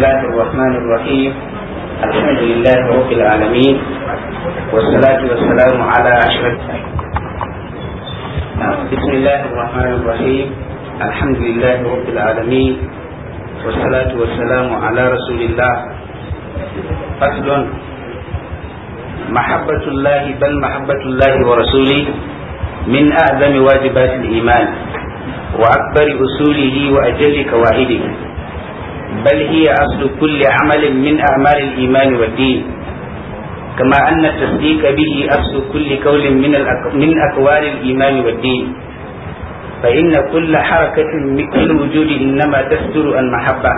الله الرحمن الرحيم الحمد لله رب العالمين والصلاة والسلام على أشرف نعم، بسم الله الرحمن الرحيم الحمد لله رب العالمين والصلاة والسلام على رسول الله فصل محبة الله بل محبة الله ورسوله من أعظم واجبات الإيمان وأكبر أصوله وأجل قواعده بل هي أصل كل عمل من أعمال الإيمان والدين كما أن التصديق به أصل كل قول من من أقوال الإيمان والدين فإن كل حركة من كل وجود إنما تصدر عن محبة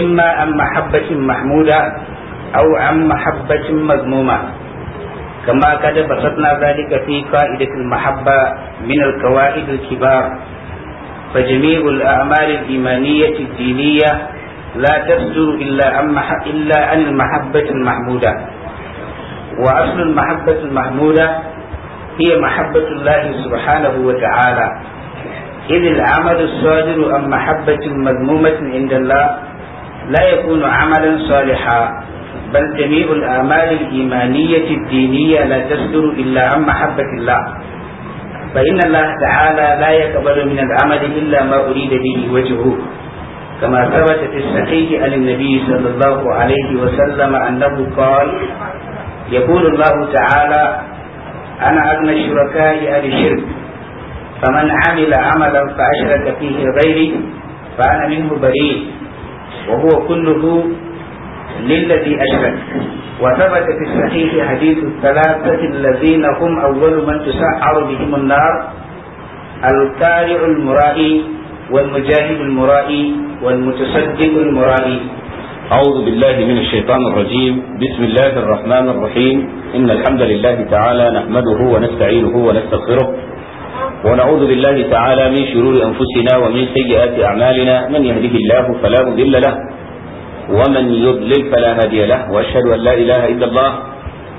إما عن محبة محمودة أو عن محبة مذمومة كما قد بسطنا ذلك في قاعدة المحبة من القواعد الكبار فجميع الأعمال الإيمانية الدينية لا تصدر إلا عن إلا عن المحبة المحمودة وأصل المحبة المحمودة هي محبة الله سبحانه وتعالى إذ العمل الصادر عن محبة مذمومة عند الله لا يكون عملا صالحا بل جميع الأعمال الإيمانية الدينية لا تصدر إلا عن محبة الله فإن الله تعالى لا يقبل من العمل إلا ما أريد به وجهه كما ثبت في الصحيح عن النبي صلى الله عليه وسلم أنه قال يقول الله تعالى أنا أغنى الشركاء أهل الشرك فمن عمل عملا فأشرك فيه غيري فأنا منه بريء وهو كله للذي أشرك وثبت في الصحيح حديث الثلاثة الذين هم أول من تسعر بهم النار القارئ المرائي والمجاهد المرائي والمتصدق المرائي أعوذ بالله من الشيطان الرجيم بسم الله الرحمن الرحيم إن الحمد لله تعالى نحمده ونستعينه ونستغفره ونعوذ بالله تعالى من شرور أنفسنا ومن سيئات أعمالنا من يهده الله فلا مضل له ومن يضلل فلا هادي له واشهد ان لا اله الا الله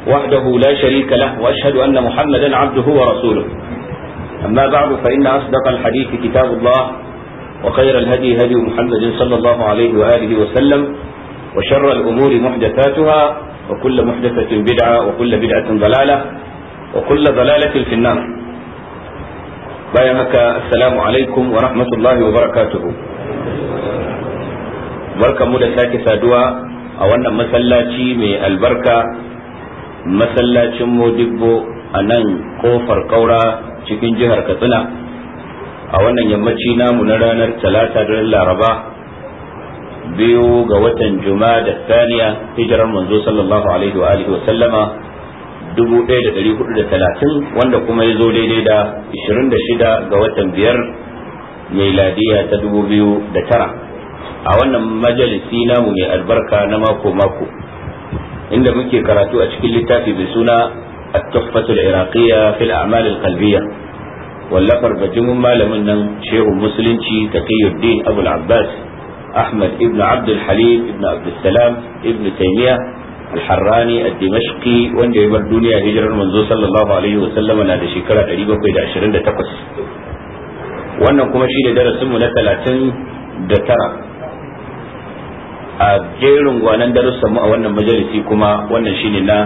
وحده لا شريك له واشهد ان محمدا عبده ورسوله اما بعد فان اصدق الحديث كتاب الله وخير الهدي هدي محمد صلى الله عليه واله وسلم وشر الامور محدثاتها وكل محدثه بدعه وكل بدعه ضلاله وكل ضلاله في النار بايعك السلام عليكم ورحمه الله وبركاته barkamu da sake saduwa a wannan masallaci mai albarka masallacin modibbo a nan kofar kaura cikin jihar katsina a wannan yammaci namu na ranar talata da laraba biyu ga watan juma da saniya hijirar manzo sallallahu alaihi wa alihi wa sallama 1430 wanda kuma ya zo daidai da 26 ga watan biyar mai ladiya ta 2009 a wannan majalisi namu mai albarka na mako mako inda muke karatu a cikin littafi mai suna at-tuhfatul iraqiyya fil a'mal al wallafar bajimin malamin nan shehun musulunci taqiyuddin abul abbas ahmad ibn abd al-halim ibn abd salam ibn taymiya al-harrani ad wanda ya bar duniya hijirar manzo sallallahu alaihi wa sallam na da shekara 728 wannan kuma shi da darasin mu na tara. a jerin gwanan darussan mu a wannan majalisi kuma wannan shine na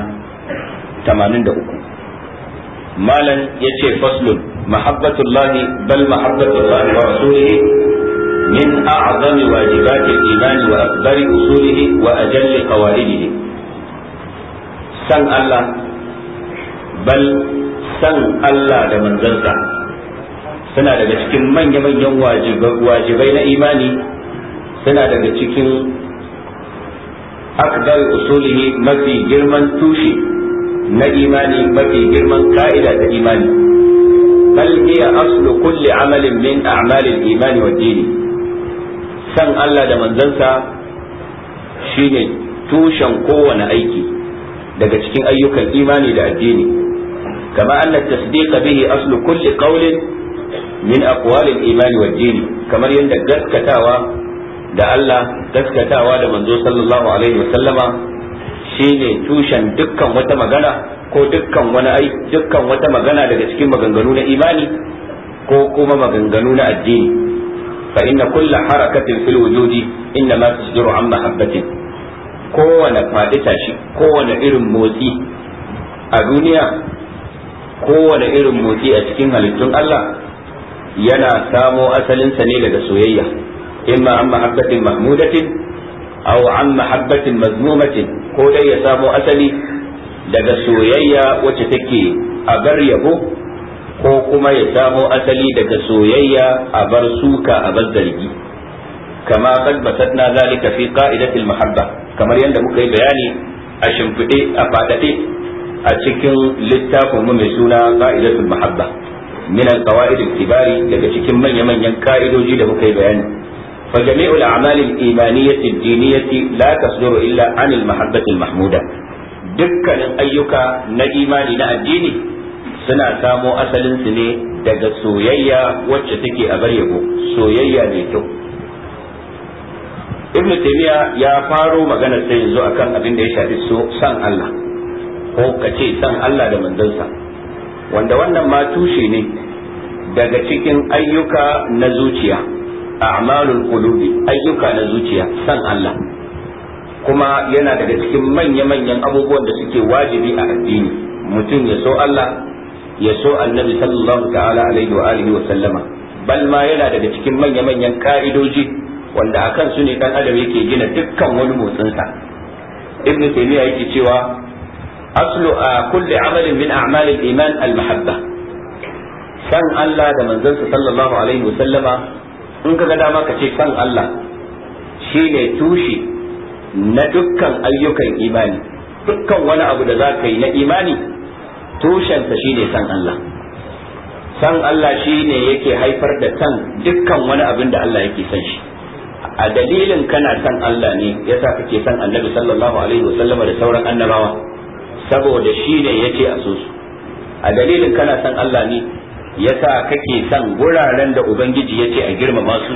83 malan yace faslun mahabbatullahi bal mahabbatullahi wa rasulihi min a'zami wajibati al-iman wa akbari usulihi wa ajalli qawaidihi san Allah bal san Allah da manzansa suna daga cikin manya-manyan wajibai na imani suna daga cikin akdar usulihi mafi girman tushe na imani mafi girman ka'ida ta imani bal hiya aslu kulli amalin min a'malil imani wa dini san Allah da manzansa shine tushen kowane aiki daga cikin ayyukan imani da addini kama anna tasdiq bihi aslu kulli qawlin min aqwalil imani wa dini kamar yadda gaskatawa da Allah gaskatawa da manzo sallallahu alaihi wasallama shine tushen dukkan wata magana ko dukkan wani ai dukkan wata magana daga cikin maganganu na imani ko kuma maganganu na addini fa inna kulla harakatin fil wujudi inna ma tasduru an mahabbatin kowane shi ko kowane irin motsi a duniya kowane irin motsi a cikin halittun Allah yana samo asalinsa ne daga soyayya imma an mahabbatin mahmudatin aw an mahabbatin mazmumatin ko dai ya samo asali daga soyayya wacce take a bar yabo ko kuma ya samo asali daga soyayya a bar suka a bar zargi kama kad basatna zalika fi qa'idatil mahabba kamar yadda muka yi bayani a shimfide a fadade a cikin littafinmu mai suna qa'idatul mahabba min al-qawaid al daga cikin manya-manyan ka'idoji da muka yi bayani فجميع الأعمال الإيمانية الدينية لا تصدر إلا عن المحبة المحمودة دكا أيك نإيمان الديني suna samo asalinsu ne daga soyayya wacce take a bar yabo soyayya mai kyau ibn taymiya ya faro magana sai yanzu akan abin da ya shafi so san Allah ko kace san Allah da manzansa wanda wannan ma tushe ne daga cikin ayyuka na zuciya a'malul qulubi ayyuka na zuciya san Allah kuma yana daga cikin manya-manyan abubuwan da suke wajibi a addini mutum ya so Allah ya so annabi sallallahu ta'ala alaihi wa alihi wa sallama bal ma yana daga cikin manya-manyan ka'idoji wanda akan su ne dan adam yake gina dukkan wani motsinsa ibn taymiya yake cewa aslu a kulli amalin min a'mal al-iman al-mahabba san Allah da sa sallallahu alaihi wa sallama in ka ga dama ka ce san Allah shi ne tushe na dukkan ayyukan imani dukkan wani abu da za ka yi na imani tushensa ne san Allah san Allah shi shine yake haifar da san dukkan wani abin da Allah yake san shi a dalilin kana san Allah ne ya sa kake san Annabi sallallahu alaihi wasallama da sauran annabawa saboda shine yace a so a dalilin kana san Allah ne yasa kake son guraren da ubangiji yace a girmama su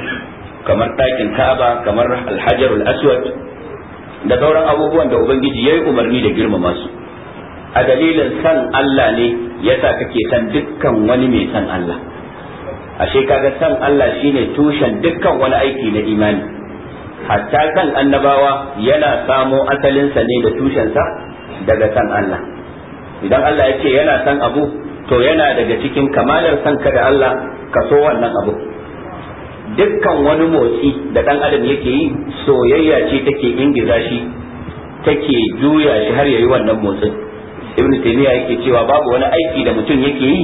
kamar ɗakin Ka'aba kamar Alhajarul Aswad da sauran abubuwan da ubangiji yayi umarni da girmama su a dalilin san Allah ne yasa kake san dukkan wani mai san Allah ashe kaga san Allah shine tushen dukkan wani aiki na imani hatta kan annabawa yana samo asalinsa ne da tushensa daga san Allah idan Allah ya ce yana san abu to yana daga cikin kamalar sanka da Allah ka so wannan abu dukkan wani motsi da ɗan adam yake yi soyayya ce take ingiza shi take juya shi har yayi wannan motsin ibnu taymiya yake cewa babu wani aiki da mutum yake yi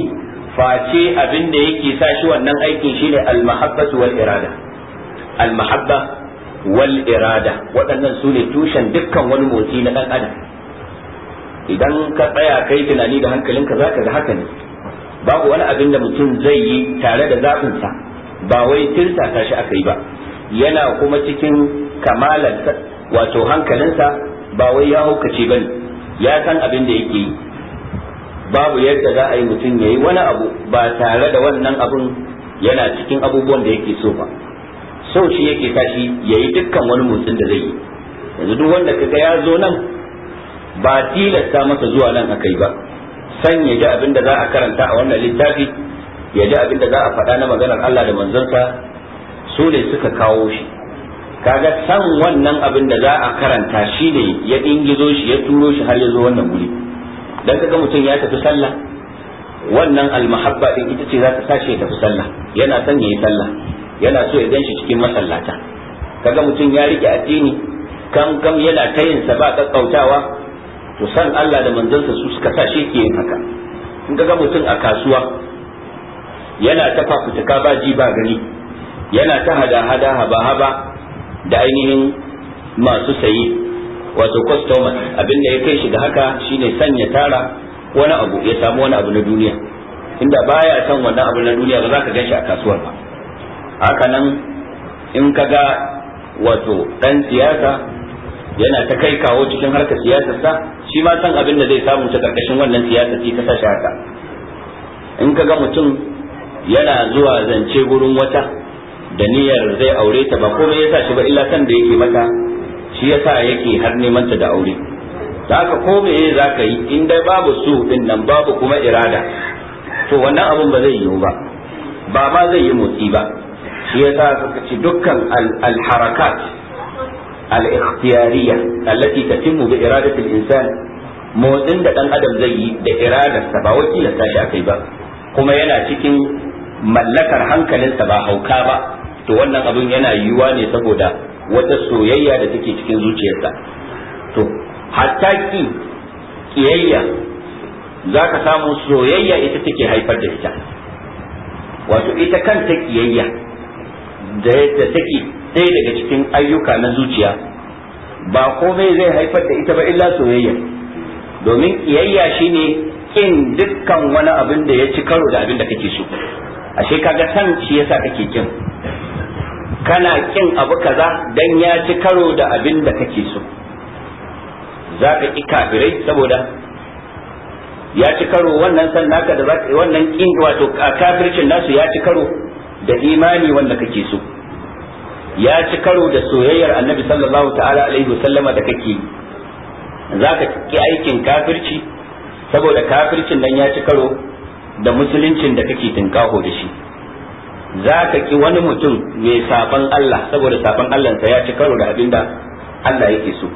face abin da yake sa shi wannan aikin shine al-mahabbatu wal irada al-mahabba wal irada waɗannan sune tushen dukkan wani motsi na ɗan adam idan ka tsaya kai tunani da hankalinka za ka ga haka ne babu wani abin da mutum zai yi tare da zaɓinsa ba wai tirsata shi aka yi ba yana kuma cikin kamalar wato hankalinsa ba wai ya haukace ba ne ya san abin da yake yi babu yadda za a yi mutum ya yi wani abu ba tare da wannan abun yana cikin abubuwan da yake so ba so shi yake tashi ya yi dukkan wani mutum da zai yi yanzu duk wanda kaga ya zo nan ba tilasta masa zuwa nan akai ba san ya ji abin da za a karanta a wannan littafi ya ji abin da za a faɗa na maganar Allah da Manzansa su ne suka kawo shi kaga san wannan abin da za a karanta shi ne ya dingizo shi ya turo shi har ya zo wannan wuri dan kaga mutum ya tafi sallah wannan almahabba din ita ce za ta sashi ya tafi sallah yana son ya yi sallah yana so ya gan shi cikin masallata kaga mutum ya rike addini kam kam yana ta yin sa ba kakkautawa to san Allah da manzansa su suka sa shi ke yin haka in ga mutum a kasuwa yana ta fafutuka ba ji ba gari, yana ta hada-hada haba-haba da ainihin masu saye wato customer abin da ya kai shi da haka shine sanya tara wani abu ya samu wani abu na duniya inda baya san wannan abu na duniya ba za ka ganshi a kasuwar ba haka nan in ka ga wato ɗan siyasa yana ta kai kawo cikin harkar siyasarsa shi ma san abin da zai samu ta karkashin wannan siyasa ci ta sashi haka in ka ga mutum yana zuwa zance gurin wata da niyyar zai aure ta ba komai sa shi ba illa san da yake mata shi ya sa yake har neman ta da aure ta haka ko za ka yi in dai babu su din nan babu kuma irada to wannan abin ba zai yiwu ba ba ma zai yi motsi ba shi ya sa suka ci dukkan al al-ikhtiyariyya allati tatimmu bi iradati al-insan motsin da dan adam zai yi da sa ba wakilar sa shi akai ba kuma yana cikin mallakar hankalinsa ba hauka ba to wannan abin yana yiwuwa ne saboda wata soyayya da take cikin zuciyarsa to hatta ki kiyayya za ka samu soyayya ita take haifar da ita wato ita kanta kiyayya da take ɗaya daga cikin ayyuka na zuciya ba komai zai haifar da ita ba illa soyayya domin kiyayya shine kin dukkan wani abin da ya ci karo da abin da kake so ashe kaga san shi yasa kake kin kana kin abu kaza dan ya ci karo da abin da kake so za ka ki kafirai saboda ya ci karo wannan san naka da wannan kin wato kafircin nasu ya ci karo da imani wanda kake so ya ci karo da soyayyar annabi sallallahu ta'ala alaihi wasallama da kake za ka ki aikin kafirci saboda kafircin nan ya ci karo da musuluncin da kake tinkaho da shi za ka ki wani mutum mai saban Allah saboda saban sa ya ci karo da abinda Allah yake so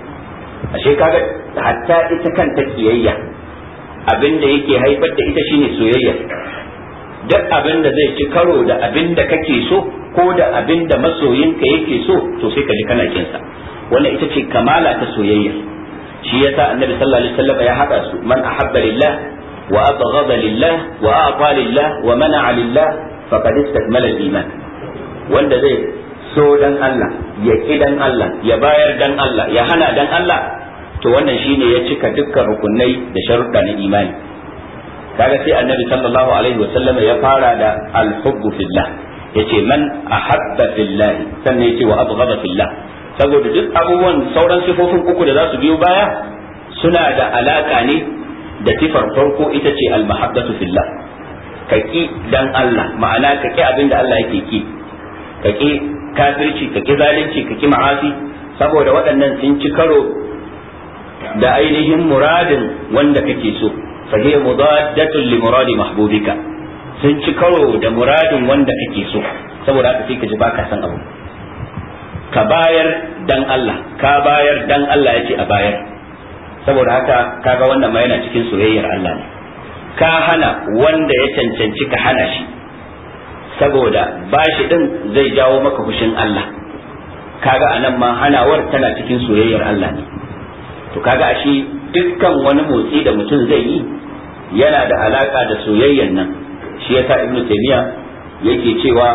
ashe kaga hatta ita kanta kiyayya abinda yake haifar da ita shine soyayya duk abin da zai ci karo da abin da kake so ko da abin da masoyinka yake so to sai ka ji kana kinsa wannan ita ce kamala ta soyayya shi yasa annabi sallallahu alaihi wasallam ya hada su man ahabba lillah wa abghada lillah wa a'ta lillah wa mana'a lillah faqad istakmala iman wanda zai so dan Allah ya ki dan Allah ya bayar dan Allah ya hana dan Allah to wannan shine ya cika dukkan rukunai da sharuɗa na imani kaga sai annabi sallallahu alaihi wa sallam ya fara da alhubbu fillah yace man ahabba fillah sannan yace wa abghada fillah saboda duk abubuwan sauran sifofin uku da za su biyo baya suna da alaka ne da sifar farko ita ce al-mahabbatu fillah ka dan Allah ma'ana ka abin da Allah yake ki ka ki kafirci ka zalunci ka ma'asi saboda waɗannan sun ci karo da ainihin muradin wanda kake so fa hiya mudaddatu li muradi mahbubika sun ci karo da muradin wanda ake so saboda haka sai ka baka san abu ka bayar dan Allah ka bayar dan Allah ya ce a bayar saboda haka ga wannan ma yana cikin soyayyar Allah ne ka hana wanda ya cancanci ka hana shi saboda bashi ɗin zai jawo maka fushin Allah kaga anan ma hanawar tana cikin soyayyar Allah ne to kaga ashe dukkan wani motsi da mutum zai yi yana da alaka da soyayyan nan shi yasa ibnu taymiya yake cewa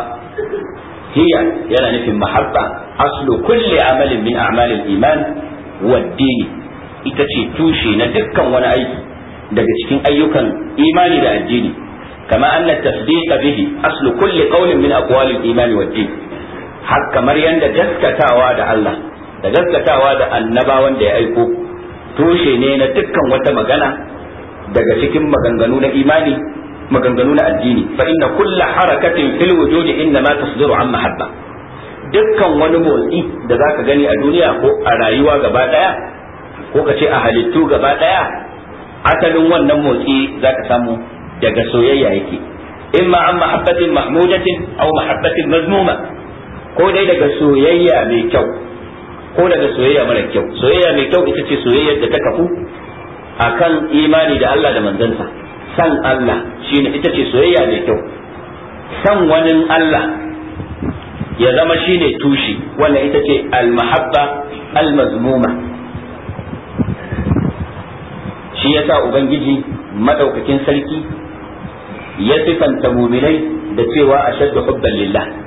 hiya yana nufin mahabba aslu kulli amalin min a'malil iman wa dini ita ce tushe na dukkan wani aiki daga cikin ayyukan imani da addini kama anna tasdiqa bihi aslu kulli qawlin min aqwalil imani wa din har kamar yanda gaskatawa da Allah da gaskatawa da annabawan da ya aiko tushe ne na dukkan wata magana daga cikin maganganu na imani maganganu na addini fa inna kulla harakatin fil wujudi inna ma an mahabba dukkan wani motsi da zaka gani a duniya ko a rayuwa gaba daya ko ka ce a halittu gaba daya asalin wannan motsi zaka samu daga soyayya yake imma an mahabbatin mahmudatin aw mahabbatin mazmuma ko dai daga soyayya mai kyau ko daga soyayya mara kyau soyayya mai kyau ita ce soyayyar da ta kafu akan imani da Allah da manzansa san Allah shine ita ce soyayya mai kyau san wani Allah ya zama shine tushi wannan ita ce al almazmuma al-mazmuma shi yasa ubangiji madaukakin sarki ya sifanta muminai da cewa a ashaddu hubban lillah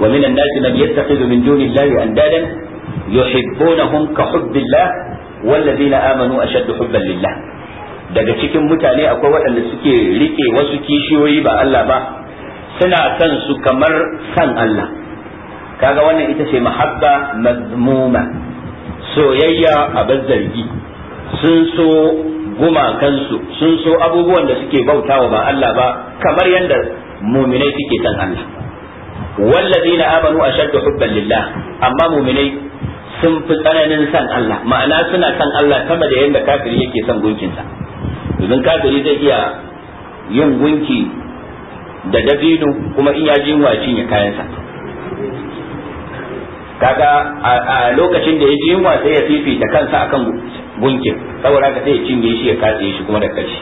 ومن الناس من يتخذ من دون الله أندادا يحبونهم كحب الله والذين آمنوا أشد حبا لله daga cikin mutane akwai waɗanda suke riƙe wasu kishiyoyi ba Allah ba suna son su kamar son Allah kaga wannan ita ce mahabba mazmuma soyayya a zargi sun so gumakansu sun so abubuwan da suke bautawa ba Allah ba kamar yadda muminai suke son Allah wallazina amanu ashaddu hubban lillah amma mu'minai sun fi tsananin san Allah ma'ana suna san Allah sama da yadda kafiri yake son gunkinsa domin kafiri zai iya yin gunki da dabino kuma in ya ji jinwa cinye kayansa kaga a lokacin da ya ji yunwa sai ya fifita kansa akan gunkin saboda ka sai ya cinye shi ya katse shi kuma da kashi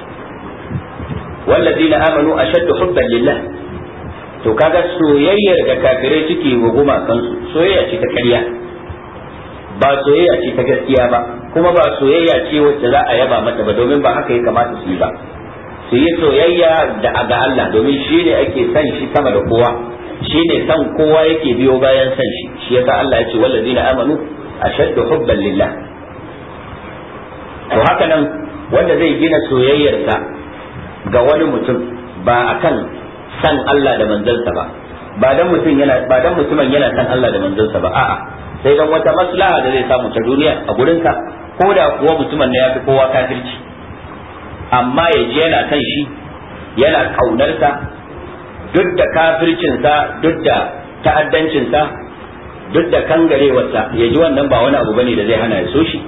wallazina amanu ashaddu hubban lillah to kaga soyayyar da kafirai suke wa su. soyayya ce ta ƙarya ba soyayya ce ta gaskiya ba kuma ba soyayya ce wacce za a yaba mata ba domin ba haka ya kamata su yi ba su yi soyayya da ga Allah domin shi ne ake san shi sama da kowa shi ne san kowa yake biyo bayan san shi shi yasa Allah ya ce wallazina amanu ashaddu hubban lillah to haka nan wanda zai gina soyayyarsa ga wani mutum ba akan san Allah da manzansa ba ba dan mutum yana ba dan mutumin yana san Allah da manzansa ba a'a sai dan wata maslaha da zai samu ta duniya a gurin sa ko da kuwa mutumin ne ya fi kowa kafirci amma ya je yana san shi yana kaunarsa duk da kafircinsa duk da ta'addancinsa duk da kangarewarsa ya ji wannan ba wani abu bane da zai hana ya so shi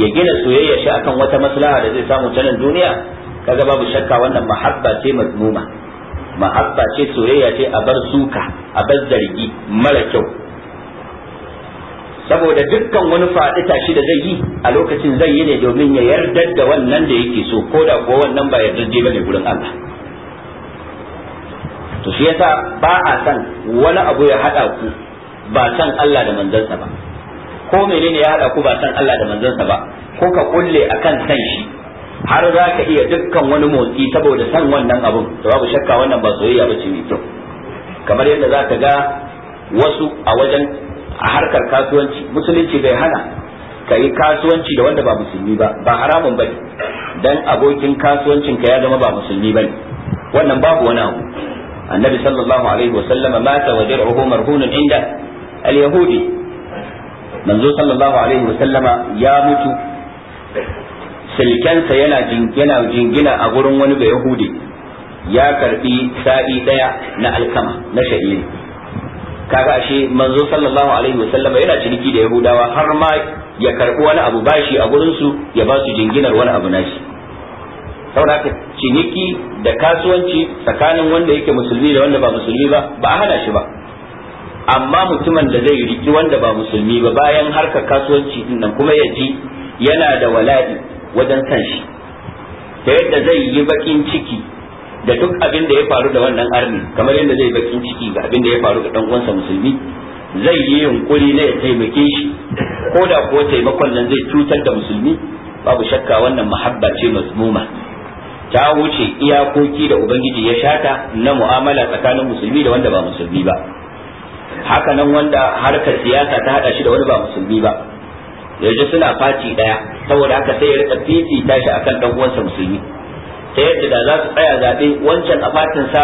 ya gina soyayya shi akan wata maslaha da zai samu ta nan duniya kaga babu shakka wannan mahabba ce mazmuma mahabba ce soyayya ce a bar suka a bar zargi mara kyau saboda dukkan wani faɗi tashi da zai yi a lokacin zai yi ne domin ya yarda da wannan da yake so ko da kuwa wannan ba yarda je bane gurin Allah to shi yasa ba a san wani abu ya hada ku ba san Allah da manzansa ba ko menene ya hada ku ba san Allah da manzansa ba ko ka kulle akan san shi har za ka iya dukkan wani motsi saboda san wannan abun to babu shakka wannan ba soyayya ba ce mai kyau kamar yadda za ka ga wasu a wajen a harkar kasuwanci musulunci bai hana ka yi kasuwanci da wanda ba musulmi ba ba haramun ba dan abokin kasuwancin ka ya zama ba musulmi ba wannan babu wani abu annabi sallallahu alaihi wasallama mata wa dir'uhu marhunun inda al-yahudi manzo sallallahu alaihi wasallama ya mutu silkensa yana jingina jingina a gurin wani bai yahudi ya karbi sa'i daya na alkama na sha'iri kaga ashe manzo sallallahu alaihi wasallama yana ciniki da yahudawa har ma ya karbi wani abu bashi a gurin su ya ba su jinginar wani abu nashi saboda ciniki da kasuwanci tsakanin wanda yake musulmi da wanda ba musulmi ba ba a hana shi ba amma mutumin da zai riki wanda ba musulmi ba bayan harkar kasuwanci din nan kuma ya ji yana da wala'i wajen san shi ta yadda zai yi bakin ciki da duk abin da ya faru da wannan arni kamar yadda zai bakin ciki ga abin da ya faru da dan uwansa musulmi zai yi yunkuri na ya taimake shi ko da ko taimakon nan zai cutar da musulmi babu shakka wannan muhabba ce mazmuma ta wuce iyakoki da ubangiji ya shata na mu'amala tsakanin musulmi da wanda ba musulmi ba haka nan wanda harkar siyasa ta hada shi da wani ba musulmi ba Yanzu suna fati daya saboda haka sai ya rika fifita shi akan dan uwansa musulmi ta yadda da za su tsaya zabe wancan a fatin sa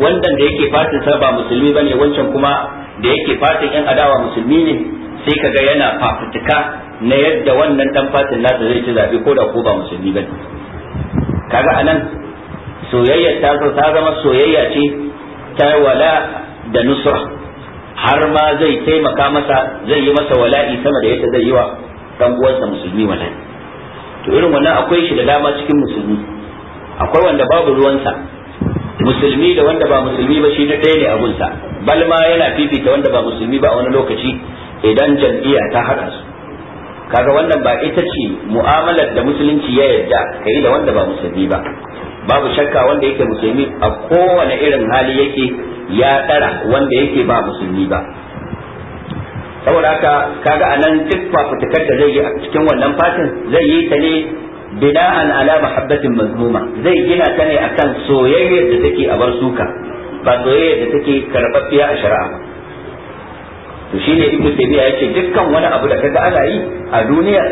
wandan da yake fatin sa ba musulmi bane wancan kuma da yake fatin yan adawa musulmi ne sai kaga yana fafutuka na yadda wannan dan fatin nasa zai ci zabe ko da ko ba musulmi bane kaga anan soyayya ta ta zama soyayya ce ta wala da nusra har ma zai taimaka masa zai yi masa wala'i sama da yadda zai yi wa dan uwansa musulmi wala'i to irin wannan akwai shi da dama cikin musulmi akwai wanda babu ruwansa musulmi da wanda ba musulmi ba shi da ɗaya ne abunsa bal ma yana fifita wanda ba musulmi ba a wani lokaci idan jam'iyya ta haɗa su kaga wannan ba ita ce mu'amalar da musulunci ya yarda ka yi da wanda ba musulmi ba babu shakka wanda yake musulmi a kowane irin hali yake ya ɗara wanda yake ba musulmi ba saboda haka kaga anan duk fafutukar da zai yi a cikin wannan fatin zai yi ta ne bina'an ala mahabbatin mazmuma zai gina ta ne akan soyayyar da take a bar suka ba soyayyar da take karɓaɓɓiya a shari'a ba to shine ibnu taymiya yace dukkan wani abu da kaga ana yi a duniya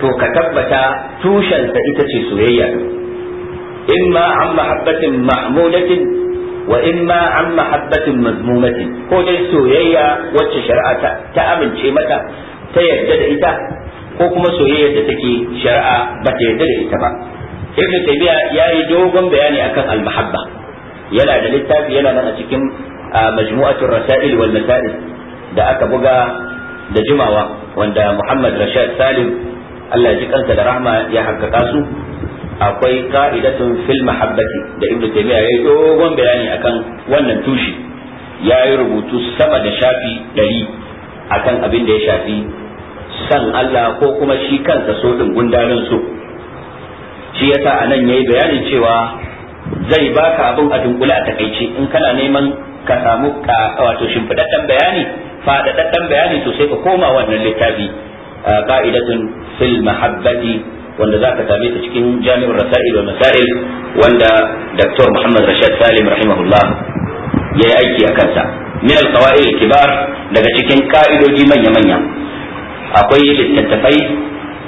to ka tabbata tushensa ita ce soyayya in ma an mahabbatin mahmudatin wa in ma an mahabbatin mazmumati ko dai soyayya wacce shari'a ta amince mata ta yarda da ita ko kuma soyayyar da take shari'a ba ta yarda da ita ba ibn taymiya ya yi dogon bayani akan al-mahabba yana da littafi yana nan a cikin majmu'atul rasail wal da aka buga da jimawa wanda Muhammad Rashad Salim Allah ji da rahma ya hakkaka su akwai ka'idatun fil mahabbati da ibn taymiya yayi dogon bayani akan wannan tushe yayi rubutu sama da shafi 100 akan abin da ya shafi san Allah ko kuma shi kansa so din gundarin so shi yasa anan yayi bayanin cewa zai baka abin a dunkule a takaice in kana neman ka samu wato shimfidaddan bayani fadadaddan bayani to sai ka koma wannan littafi ka'idatun fil mahabbati wanda za ka same ta cikin jami'ar rasail wa masail wanda dr muhammad rashad salim rahimahullah ya yi aiki a kansa min alqawaid kibar daga cikin ka'idoji manya manya akwai littattafai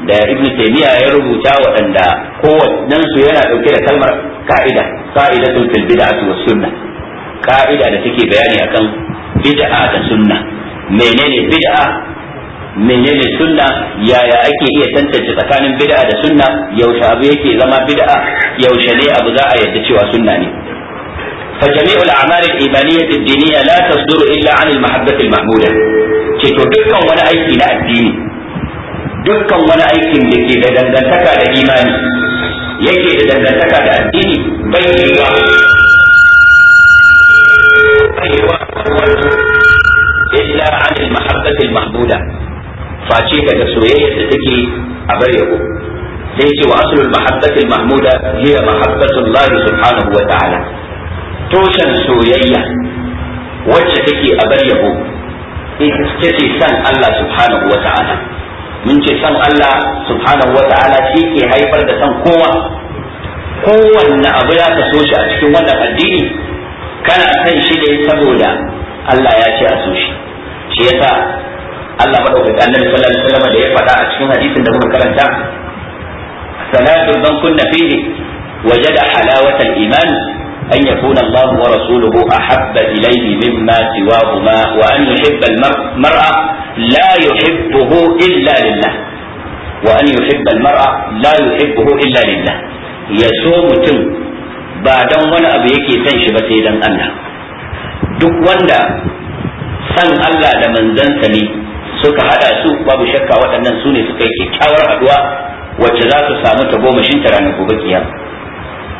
da ibn taymiya ya rubuta waɗanda kowannen su yana ɗauke da kalmar ka'ida ka'idatun fil bid'ati was sunnah ka'ida da take bayani akan bid'a da sunna menene bid'a menene sunna yaya ake iya tantance tsakanin bid'a da sunna yaushe abu yake zama bid'a yaushe ne abu za a yadda cewa sunna ne fa jami'ul a'mal al-imaniyya ad-diniyya la tasduru illa 'an al-mahabbah al-mahmuda ce to dukkan wani aiki na addini dukkan wani aikin da ke da dangantaka da imani yake da dangantaka da addini bai yiwa bai yiwa illa 'an al-mahabbah al-mahmuda face da soyayya da take a bar yabo sai ce wa aslul mahabbatil mahmuda hiya mahabbatullah subhanahu wa ta'ala toshan soyayya wacce take a bar yabo ita ce san Allah subhanahu wa ta'ala mun ce san Allah subhanahu wa ta'ala shi ke haifar da san kowa kowanne abu ya ka so shi a cikin wannan addini kana san shi ne saboda Allah ya ce a so shi shi yasa Allah madaukaki annabi sallallahu alaihi wasallam da ya faɗa a cikin hadisin da muka karanta salatu man kunna fihi wajada halawata iman an yakuna Allah wa rasuluhu ahabba ilayhi mimma siwahuma wa an yuhibba al-mar'a la yuhibbuhu illa lillah wa an yuhibba al-mar'a la yuhibbuhu illa lillah yaso mutum ba dan wani abu yake son shi ba sai dan Allah duk wanda san Allah da manzansa ne suka hada su babu shakka waɗannan su ne suka yi kyakkyawar haduwa wacce za su samu ta goma ta ranar gobe kiyama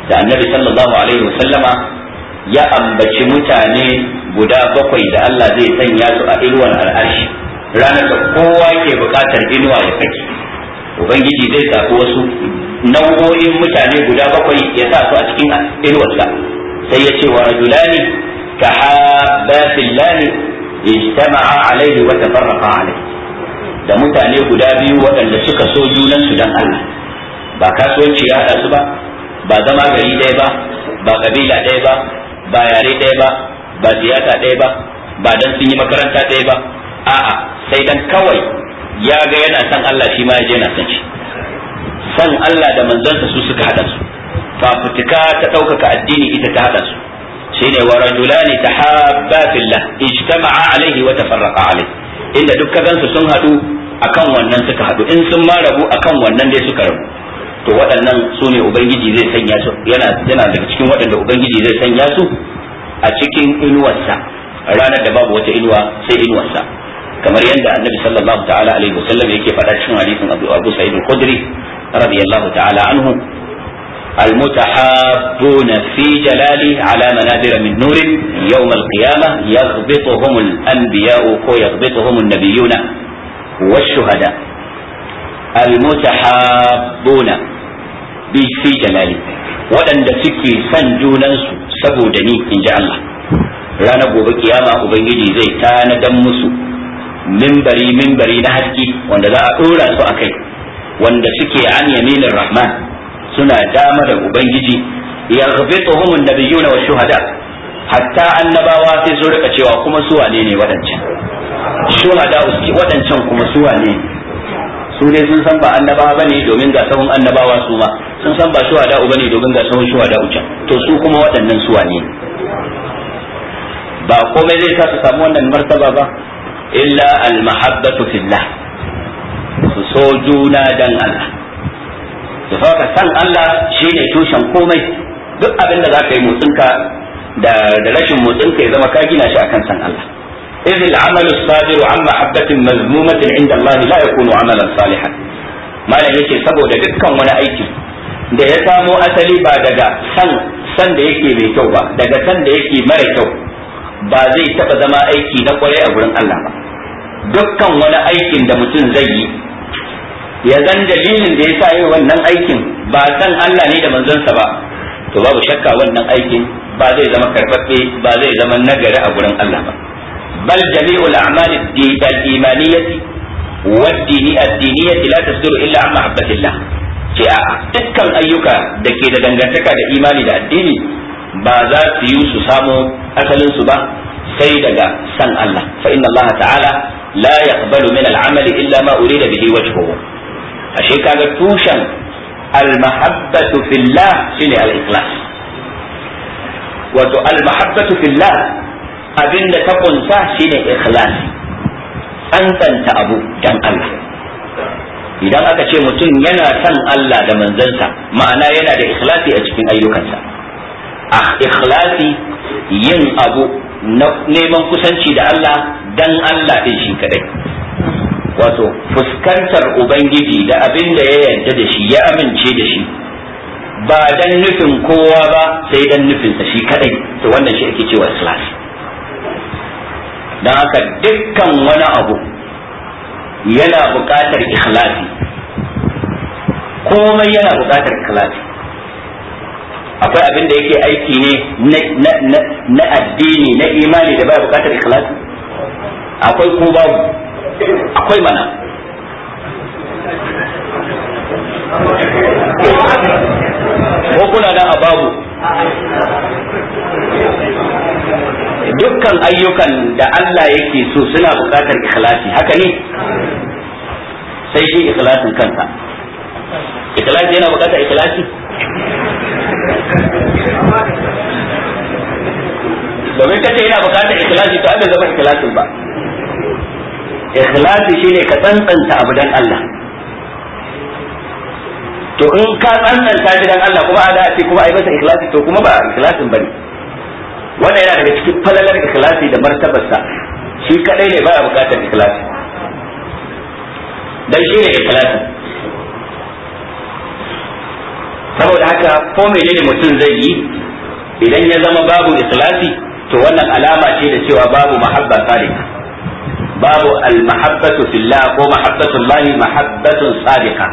da annabi sallallahu alaihi wasallama ya ambaci mutane guda bakwai da Allah zai sanya su a inuwar al'arshi ranar da kowa ke buƙatar inuwa ya kake ubangiji zai zafi wasu nau'o'in mutane guda bakwai ya sa su a cikin inuwarsa sai ya ce wa rajulani ka ha ijtama'a alaihi wa tafarraqa alaihi da mutane guda biyu waɗanda suka so junan su dan Allah ba kasuwanci ya haɗa su ba ba zama gari ɗaya ba ba kabila ɗaya ba ba yare ɗaya ba ba siyasa ɗaya ba ba dan sun yi makaranta ɗaya ba a'a sai dan kawai ya ga yana san Allah shi ma ya je yana san shi san Allah da manzansa su suka haɗa su fafutuka ta ɗaukaka addini ita ta haɗa su shine wa rajulani tahabba fillah ijtama'a alaihi wa tafarraqa alaihi inda duk gansu sun hadu akan wannan suka hadu in sun ma rabu akan wannan dai suka rabu to waɗannan su ne ubangiji zai sanya su yana yana daga cikin waɗanda ubangiji zai sanya su a cikin inuwarsa ranar da babu wata inuwa sai inuwarsa kamar yadda annabi sallallahu ta'ala alaihi wasallam yake faɗa cikin hadisin abu abu sa'id al-khudri radiyallahu ta'ala anhu المتحابون في جلالي على منابر من نور يوم القيامة يغبطهم الأنبياء ويغبطهم النبيون والشهداء المتحابون في جلالي ولن تكي سنجونا سبودني إن شاء الله ranar gobe kiyama ubangiji zai tanadan musu mimbari mimbari na haske wanda za a dora su a kai wanda suke an yaminin rahman suna dama da ubangiji ya rufe da biyu na wasu shuhada hatta annabawa sai su rika cewa kuma suwa ne ne waɗancan. shuhada waɗancan kuma suwa ne su ne sun san ba annabawa bane domin ga sahun annabawa su ma sun san ba shuhada ne domin ga sahun shuhada ucan to su kuma waɗannan suwa ne. ba komai zai sa su samu wannan martaba ba illa al-mahabbatu fillah su so juna dan Allah da saka san Allah shine tushen komai duk abin da zaka yi motsinka da da rashin ka ya zama ka gina shi akan san Allah idh al-amal as-sadir an mahabbatin mazmumatin inda Allah la yakunu amalan salihan malam yake saboda dukkan wani aiki da ya samo asali ba daga san san da yake mai kyau ba daga san da yake mara kyau ba zai taba zama aiki na kwarai a gurin Allah ba dukkan wani aikin da mutum zai yi ya zan dalilin da ya sa yi wannan aikin ba san Allah ne da manzonsa ba to babu shakka wannan aikin ba zai zama karfafe ba zai zama nagari a gurin Allah ba bal jami'ul a'mal al-imaniyyati wad-diniyyati la tasduru illa amma habbatillah ce a dukkan ayyuka da ke da dangantaka da imani da addini ba za su yi su samu asalin su ba sai daga san Allah fa inna Allah ta'ala la yaqbalu min al-amali illa ma urida bihi wajhuhu ashe kaga tushen almahabbatu fillah shine al-ikhlas wato almahabbatu fillah abinda ta kunsa shine ikhlas an abu dan Allah idan aka ce mutum yana son Allah da manzansa ma'ana yana da ikhlasi a cikin ayyukansa a ikhlasi yin abu neman kusanci da Allah dan Allah din shi kadai wato fuskantar ubangiji da abin da ya yarda da shi ya amince da shi ba dan nufin kowa ba sai dan nufin shi kadai to wannan shi ake cewa ikhlas dan haka dukkan wani abu yana buƙatar ikhlasi komai yana buƙatar ikhlasi akwai abin da yake aiki ne na addini na imani da ba buƙatar ikhlasi akwai ko babu akwai mana ko kuna da a babu dukkan ayyukan da Allah yake so suna buƙatar ikhlasi haka ne sai shi ikhlasin kansa ikhlasi yana buƙatar ikhlasi domin kace yana buƙatar ikhlasi to Allah zama ikhlasin ba ikhlasi shine ka tsantsanta abu dan Allah to in ka tsantsanta shi dan Allah kuma ada ce kuma ai masa ikhlasi to kuma ba ikhlasin bane wannan yana daga cikin falalar ikhlasi da martabarsa shi kadai ne ba bukatar ikhlasi dan shine ikhlasi saboda haka ko menene mutum zai yi idan ya zama babu ikhlasi to wannan alama ce da cewa babu mahabba salih babu almahabbatu fillah ko mahabbatu Allah mahabbatun sadiqa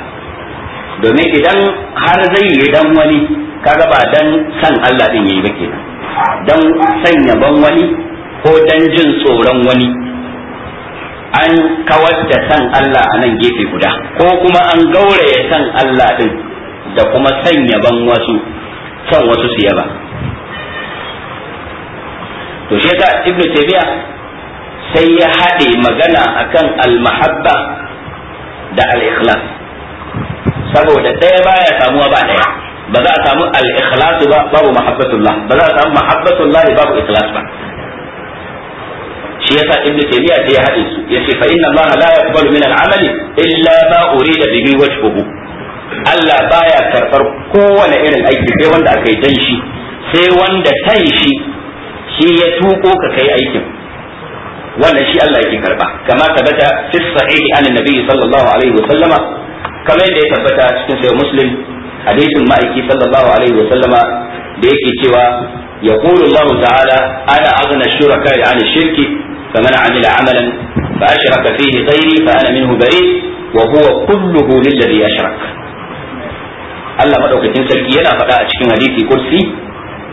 domin idan har zai yi dan wani kaga ba dan san Allah din yayi ba dan sanya ban wani ko dan jin tsoron wani an kawar da san Allah a nan gefe guda ko kuma an gauraya san Allah din da kuma sanya wasu san wasu su yaba to shi ibnu sai ya haɗe magana a akan almahabba da al-ikhlas saboda ɗaya baya samuwa ba ɗaya ba za a samu al-ikhlas ba babu mahabbatullah ba za a samu mahabbatullah babu ikhlas ba shi yasa ibnu taymiya sai ya haɗe su yace fa inna allaha la yaqbalu min al-amali illa ma urida bihi wajhuhu Allah baya karɓar kowane irin aiki sai wanda aka yi dan shi sai wanda tan shi shi ya tuko ka kai aikin wannan shi Allah yake karba kama tabbata fi sahih an annabi sallallahu alaihi wa sallama kamar yadda ya tabbata cikin sahih muslim hadisin ma'aiki sallallahu alaihi wa sallama da yake cewa يقول الله تعالى أنا أغنى الشركاء عن الشرك فمن عمل عملا فأشرك فيه غيري فأنا منه بريء وهو كله للذي أشرك Allah maɗaukacin sarki yana faɗa a cikin hadisi kursi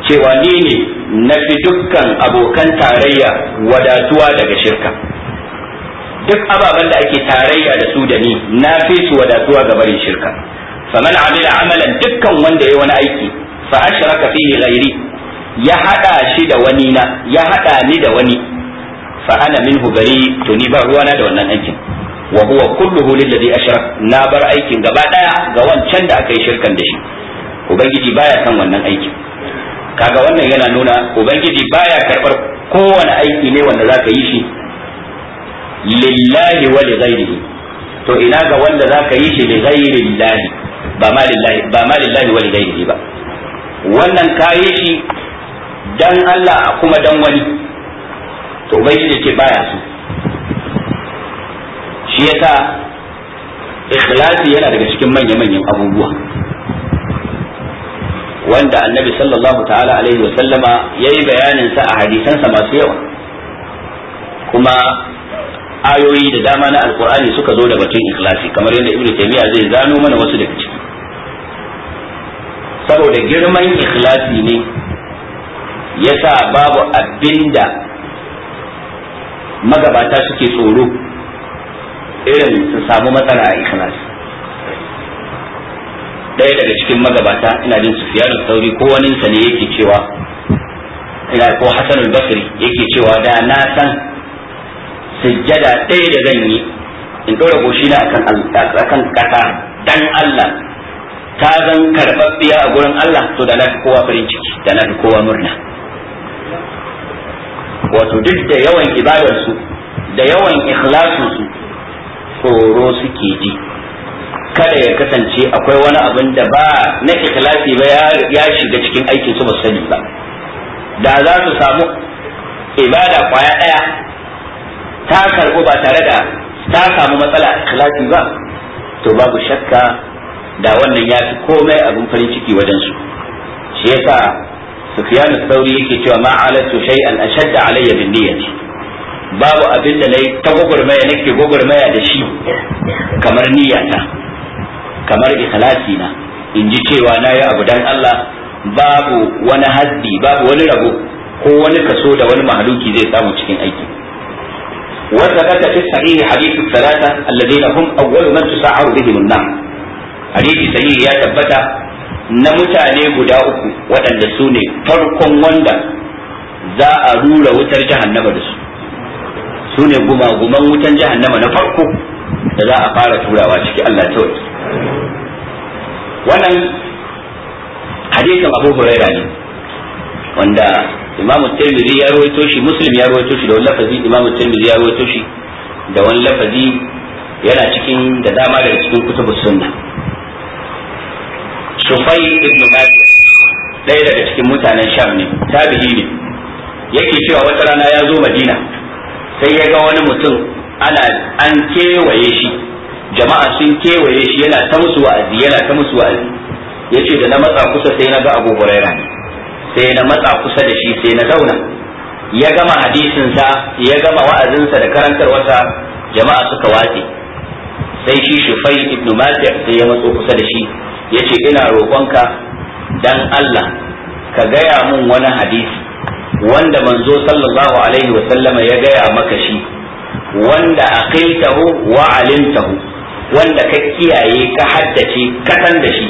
cewa ni ne na fi dukkan abokan tarayya wadatuwa daga shirka duk ababen da ake tarayya da su da ni na fi su wadatuwa ga barin shirka faman amila amalan dukkan wanda ya wani aiki fa ashraka fihi ghairi ya hada shi da wani na ya hada ni da wani fa ana minhu bari to ni ba ruwana da wannan aikin wa huwa kulluhu lillazi ashrak na bar aikin gaba daya ga wancan da aka yi shirkan da shi ubangiji baya san wannan aikin kaga wannan yana nuna ubangiji baya karbar kowane aiki ne wanda zaka yi shi lillahi wa li to ina ga wanda zaka yi shi li lillahi ba ma lillahi ba ma lillahi wa li ba wannan kayi shi dan Allah kuma dan wani to ubangiji ke baya su shi yasa ikhlasi yana daga cikin manya-manyan abubuwa wanda annabi sallallahu ta'ala alaihi wa sallama yayi bayanin sa a hadisansa masu yawa kuma ayoyi da dama na alkur'ani suka zo da batun ikhlasi kamar yadda ibnu taymiya zai zano mana wasu daga ciki saboda girman ikhlasi ne yasa babu abinda magabata suke tsoro irin su samu matsala a ikhlasi ɗaya daga cikin magabata ina jin sufiyar sauri ko wani sa ne yake cewa ina ko hasan al-basri yake cewa da na san sujjada ɗaya da zan yi in ɗora goshi na akan akan kasa dan Allah ta zan karɓaɓɓiya a gurin Allah to da na fi kowa farin ciki da na fi kowa murna wato duk da yawan ibadarsu da yawan ikhlasinsu tsoro suke ji kada ya kasance akwai wani abin da ba na ikhlasi ba ya shiga cikin aikin su ba sani ba da za su samu ibada kwaya daya ta karbu ba tare da ta samu matsala ikhlasi ba to babu shakka da wannan ya fi komai abin farin ciki wajen su shi yasa sufyan sauri yake cewa ma alatu shay'an ashadda alayya bin niyyati babu abin da nayi ta gogurmaya nake gogurmaya da shi kamar niyyata kamar ikhlasi na in ji cewa na yi abu dan Allah babu wani haddi babu wani rabo ko wani kaso da wani mahaluki zai samu cikin aiki وثبت na الصحيح حديث man الذين هم أول من تسعر بهم ya tabbata na mutane guda uku, waɗanda su ne farkon wanda za a rura wutar jahannama da su su ne gumaguman wutar jahannama na farko da za a fara turawa ciki Allah ta wannan hadisin abu huraira ne wanda imam tirmidhi ya rawaito shi muslim ya rawaito shi da wani lafazi imam tirmidhi ya rawaito shi da wani lafazi yana cikin da dama daga cikin kutubus sunna sufai ibn malik ɗaya daga cikin mutanen sham ne tabi'i ne yake cewa wata rana ya zo madina sai ya ga wani mutum ana an kewaye shi jama'a sun kewaye shi yana ta musu wa'azi yana ta musu wa'azi yace da na matsa kusa sai na ga Abu Huraira sai na matsa kusa da shi sai na zauna ya gama hadisinsa ya gama wa'azinsa da karantarwarsa jama'a suka watse sai shi Shufai ibn Mati sai ya matso kusa da shi yace ina roƙonka dan Allah ka gaya mun wani hadisi wanda manzo sallallahu alaihi wa sallama ya gaya maka shi wanda aqiltahu wa alimtahu wanda ka kiyaye ka haddace ka san da shi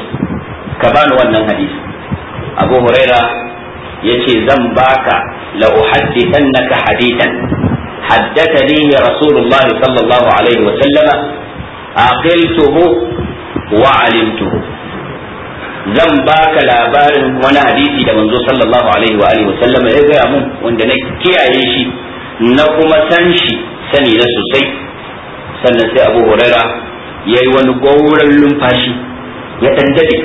ka bani wannan hadisi abu huraira ce zan baka la uhaddithannaka hadithan haddathani rasulullahi sallallahu alaihi wa sallama aqiltuhu wa alimtuhu zan baka labarin wani hadisi da manzo sallallahu alaihi wa alihi wa sallama ya gaya mun wanda na kiyaye shi na kuma san shi sani na sosai sannan sai abu huraira ya yi wani gauran lumfashi ya dandade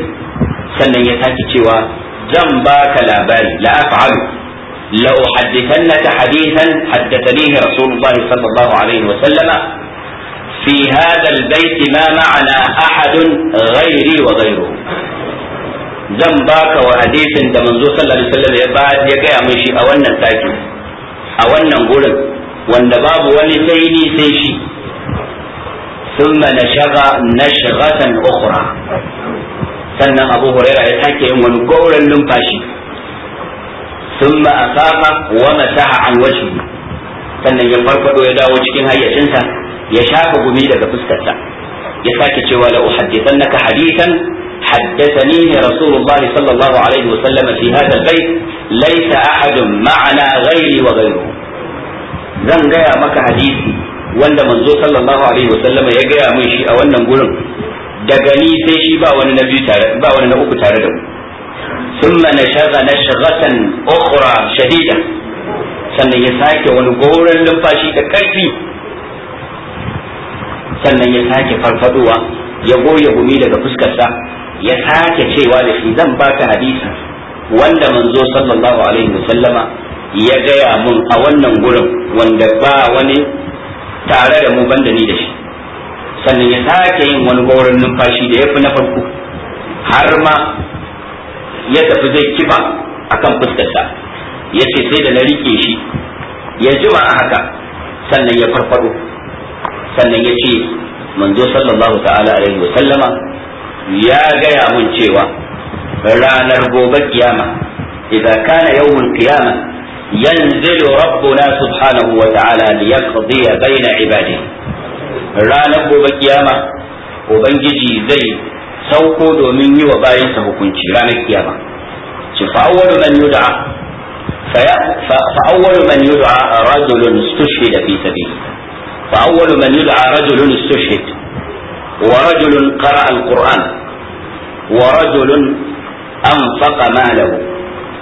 sannan ya sake cewa zan baka labari la af'alu la uhaddithannaka hadithan haddathanihi rasulullah sallallahu alaihi wa sallama fi hadha albayt ma ma'ana ahad ghairi wa ghayruhu zan baka wa hadithin da manzo sallallahu alaihi wasallam ya ba ya gaya min a wannan saki a wannan gurin wanda babu wani sai ni sai shi ثم نشغ نشغة أخرى سنة أبو هريرة يتحكي من قول النمفاشي ثم أفاق ومسح عن وجهه sannan ya farfaɗo ya dawo cikin hayyacinsa ya shafa gumi daga fuskarsa ya sake cewa la uhaddithan naka hadithan haddathani ni rasulullahi sallallahu alaihi wa sallam fi hadha albayt laysa ahadun ma'ana ghairi wa ghayru zan gaya maka hadisi wanda manzo sallallahu alaihi sallam ya gaya min shi a wannan gurin daga ni sai shi ba wani na biyu tare ba wani na uku tare da mu ثم na نشغة أخرى shadida sannan ya sake wani goron numfashi da ƙarfi sannan ya sake farfaduwa ya goye gumi daga fuskarsa ya sake cewa da shi zan baka hadisi wanda manzo sallallahu alaihi sallama ya gaya mun a wannan gurin wanda ba wani tare da mu banda ni da shi sannan ya sake yin wani gaurin numfashi da ya fi na farko har ma ya tafi zai kiba kan fuskarsa ya ce sai da na rike shi ya jima a haka sannan ya farfado sannan ya ce manzo sallallahu ta'ala alaihi wa sallama ya gaya mun cewa ranar gobe kiyama idan kana yawon kiyama ينزل ربنا سبحانه وتعالى ليقضي بين عباده رانا قوب القيامة وبنجي زي سوكو دومني وبايسة سوكو رانا القيامة فأول من يدعى فأول من يدعى رجل استشهد في سبيله فأول من يدعى رجل استشهد ورجل قرأ القرآن ورجل أنفق ماله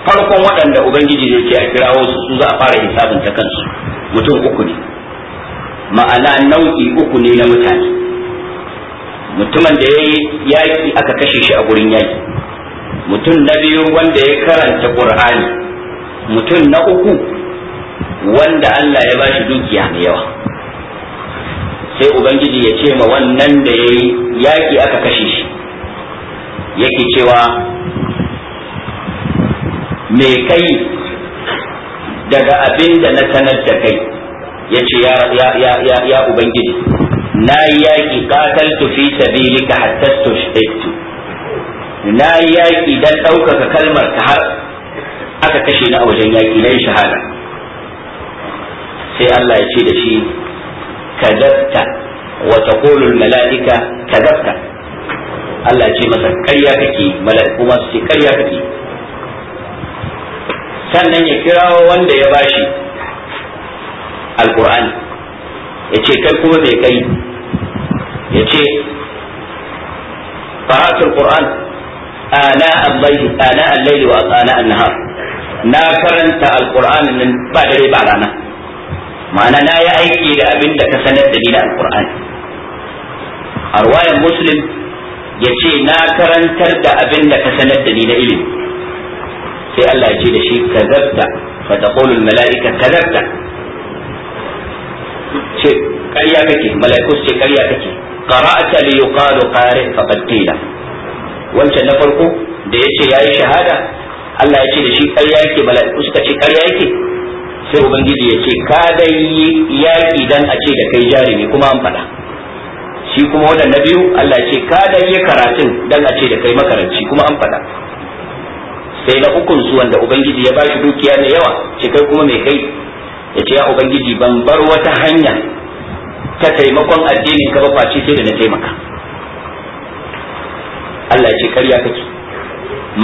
farkon waɗanda ubangiji zai ce a kirawo su su za a fara hisabin ta kansu mutum uku ne ma'ana nau'i uku ne na mutane mutumin da ya yi yaƙi aka kashe shi a gurin yaƙi mutum na biyu wanda ya karanta ƙur'ani mutum na uku wanda Allah ya ba shi dukiya mai yawa sai ubangiji ya ce ma wannan da ya yi yaƙi aka kashe shi yake cewa me kai daga abin da na sanar da kai ya ce ya ubangiji na yi yaƙi ƙataltu fi sabilika hatta tushtaitu na yi yaƙi don ɗaukaka kalmar ka har aka kashe ni wajen yaƙi na yi shahada sai Allah ya ce da shi kadabta wa taqulu malaika kadabta Allah ya ce masa ƙarya kake mala'iku ma su ce ƙarya kake sannan ya kira wanda ya bashi alkur'ani ya ce kai kuma mai kai ya ce qara'atul qur'an ana al-layli ana al-layli wa ana an-nahar na karanta alkur'ani nan ba dare ba rana ma'ana na yi aiki da abin da ka sanar da ni da alkur'ani a muslim ya ce na karantar da abin da ka sanar da ni na ilimi sai Allah ya ce da shi kazabta fa taqulu al malaika kazabta ce ƙarya kake mala'iku ce ƙarya kake qara'ata li yuqalu qari fa qatila wancan na farko da yace yayi shahada Allah ya ce da shi ƙarya yake mala'iku suka ce ƙarya yake sai ubangiji ya ce ka dai yaƙi dan a ce da kai jarumi kuma an faɗa shi kuma wannan na biyu Allah ya ce ka dai karatun dan a ce da kai makaranci kuma an faɗa sai na ukun su wanda ubangiji ya bashi dukiya da yawa ce kai kuma mai kai ya ce ya ubangiji ban bar wata hanya ta taimakon addinin ka ba face sai da na taimaka Allah ya ce karya kake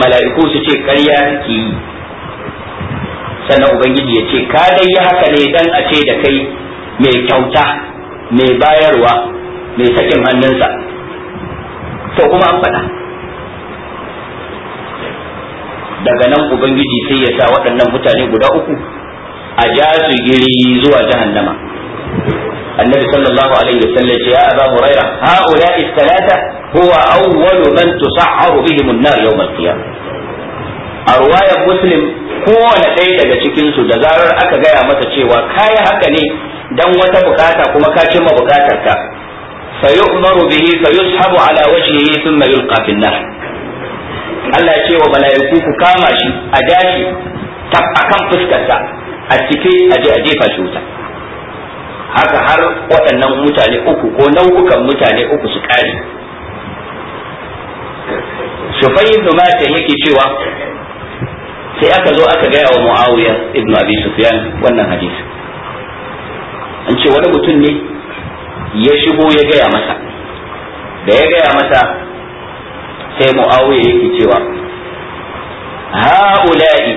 mala'iku su ce karya kake yi sannan ubangiji ya ce ka dai yi haka ne dan a ce da kai mai kyauta mai bayarwa mai sakin hannunsa to kuma an faɗa daga nan ubangiji sai ya sa waɗannan mutane guda uku a ja su giri zuwa jahannama annabi sallallahu alaihi wasallam ya aba huraira haula thalatha huwa awwal man tusahharu bihim an-nar yawm al-qiyamah a ruwayar muslim kowane ɗaya daga cikin su da zarar aka gaya masa cewa kai haka ne dan wata bukata kuma ka cimma bukatarka fa yu'maru bihi fa yushabu ala wajhihi thumma yulqa fi an-nar Allah ya ce wa mala'iku ku kama shi a dashi ta akan fuskarsa a cike a je a jefa shi wuta haka har waɗannan mutane uku ko nau'ukan mutane uku su kare Shufai ibn yake cewa sai aka zo aka gaya wa Muawiya ibn Abi Sufyan wannan hadisi an ce wani mutum ne ya shigo ya gaya masa da ya gaya masa sai muawiya yake cewa ha'ula'i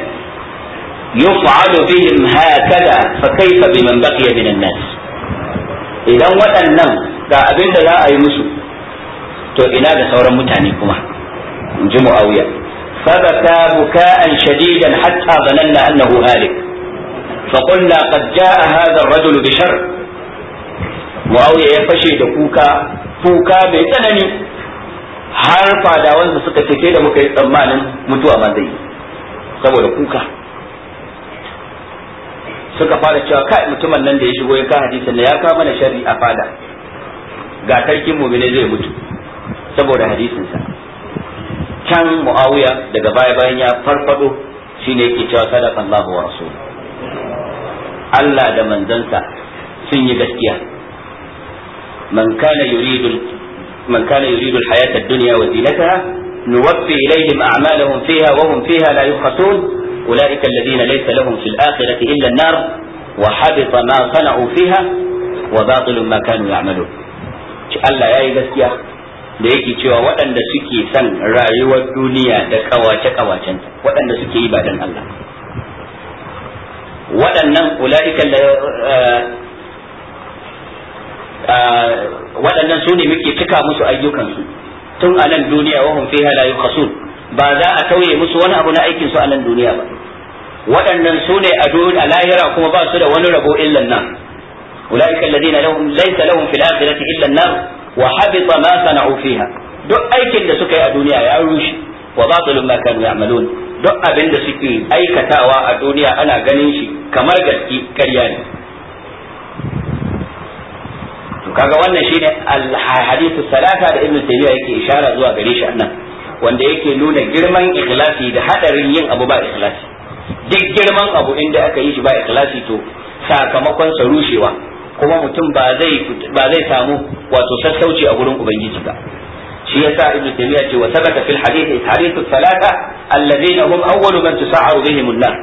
yuf'alu bihim hakada fa kaifa biman baqiya min an-nas idan waɗannan ga abin da za a yi musu to ina da sauran mutane kuma in ji muawiya فبكى بكاء شديدا حتى ظننا انه هالك فقلنا قد جاء هذا الرجل بشر معاويه يفشي دكوكا kuka mai tsanani har fadawan su suka cece da muka yi tsammanin mutuwa ma zai saboda kuka suka fara cewa kai mutumin nan da ya shigo ya ka hadisin da ya ka mana sharri a fada ga sarkin mu'mine zai mutu saboda hadisinsa can mu'awiya daga baya bayan ya farfado shine yake cewa sadaqa Allahu wa rasul Allah da manzansa sun yi gaskiya man kana yuridu من كان يريد الحياة الدنيا وزينتها نوفي إليهم أعمالهم فيها وهم فيها لا يبخسون أولئك الذين ليس لهم في الآخرة إلا النار وحبط ما صنعوا فيها وباطل ما كانوا يعملون ألا يا إذا gaskiya da yake cewa waɗanda suke son rayuwar duniya da kawace-kawacen waɗanda suke yi ba don Allah waɗannan ula'ikan eh, waɗannan su ne muke cika musu ayyukansu tun a nan duniya wa hum la yukhasun ba za a tauye musu wani abu na aikin su a nan duniya ba waɗannan su ne a lahira kuma ba su da wani rabo illan nan ulaika alladhina lahum laysa lahum fil akhirati illa an-nar wa habita ma sana'u fiha duk aikin da suka yi a duniya ya rushe wa batilun ma kanu ya'malun duk abin da suke aikatawa a duniya ana ganin shi kamar gaske ƙarya ne to kaga wannan shine al-hadithu salata da ibnu taymiya yake ishara zuwa gare shi annan wanda yake nuna girman ikhlasi da hadarin yin abu ba ikhlasi duk girman abu inda aka yi shi ba ikhlasi to sakamakon sa rushewa kuma mutum ba zai ba zai samu wato sassauci a gurin ubangiji ba shi yasa ibnu taymiya ce wa sabata fil hadith hadithu salata alladhina hum awwalu man tusa'u bihim an-nar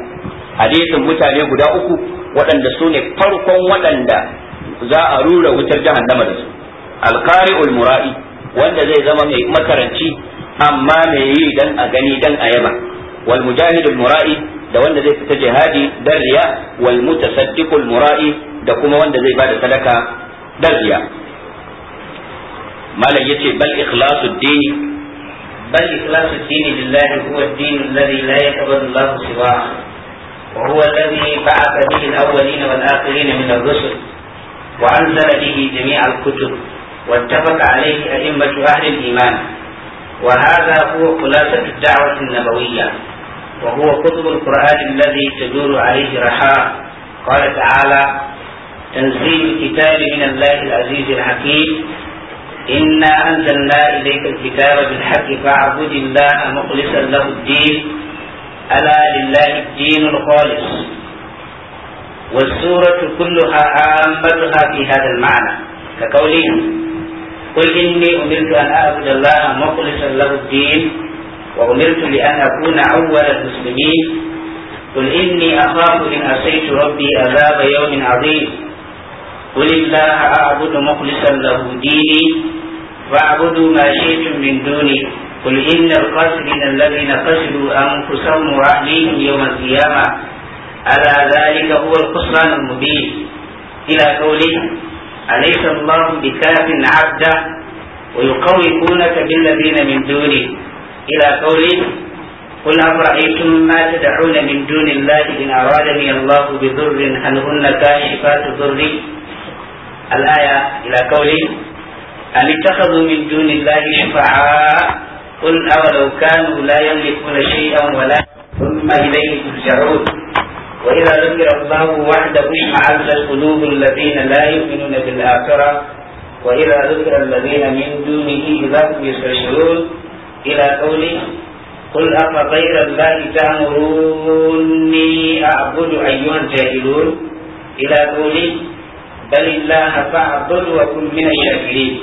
hadithin mutane guda uku waɗanda su ne farkon waɗanda za a rura wutar jahannama da su alqari'ul mura'i wanda zai zama mai makaranci amma mai yi dan a gani dan a yaba wal mujahidul mura'i da wanda zai fita jihadi dan riya wal mutasaddiqul mura'i da kuma wanda zai bada sadaka dan riya malam yace bal ikhlasu dini bal ikhlasu dini lillahi huwa ad-din alladhi la yaqbalu Allahu siwahu وهو الذي بعث به الاولين والاخرين من الرسل وأنزل به جميع الكتب واتفق عليه أئمة أهل الإيمان وهذا هو خلاصة الدعوة النبوية وهو كتب القرآن الذي تدور عليه رحاء قال تعالى تنزيل الكتاب من الله العزيز الحكيم إنا أنزلنا إليك الكتاب بالحق فاعبد الله مخلصا له الدين ألا لله الدين الخالص والسورة كلها عامتها في هذا المعنى كقوله قل إني أمرت أن أعبد الله مخلصا له الدين وأمرت لأن أكون أول المسلمين قل إني أخاف إن أسيت ربي عذاب يوم عظيم قل الله أعبد مخلصا له ديني فاعبدوا ما شئتم من دوني قل إن القاسرين الذين قتلوا أنفسهم وأهليهم يوم القيامة ألا ذلك هو الخسران المبين إلى قوله أليس الله بكاف عبدا ويقوفونك بالذين من دونه إلى قوله قل أرأيتم ما تدعون من دون الله إن أرادني الله بضر هل هن كاشفات ضري الآية إلى قوله أم اتخذوا من دون الله شفعاء قل أولو كانوا لا يملكون شيئا ولا ثم إليه ترجعون وإذا ذكر الله وحده اشمأزت قلوب الذين لا يؤمنون بالآخرة وإذا ذكر الذين من دونه إذا هم يستشعرون إلى قوله قل أفغير الله تأمروني أعبد أيها الجاهلون إلى قوله بل الله فاعبد وكن من الشاكرين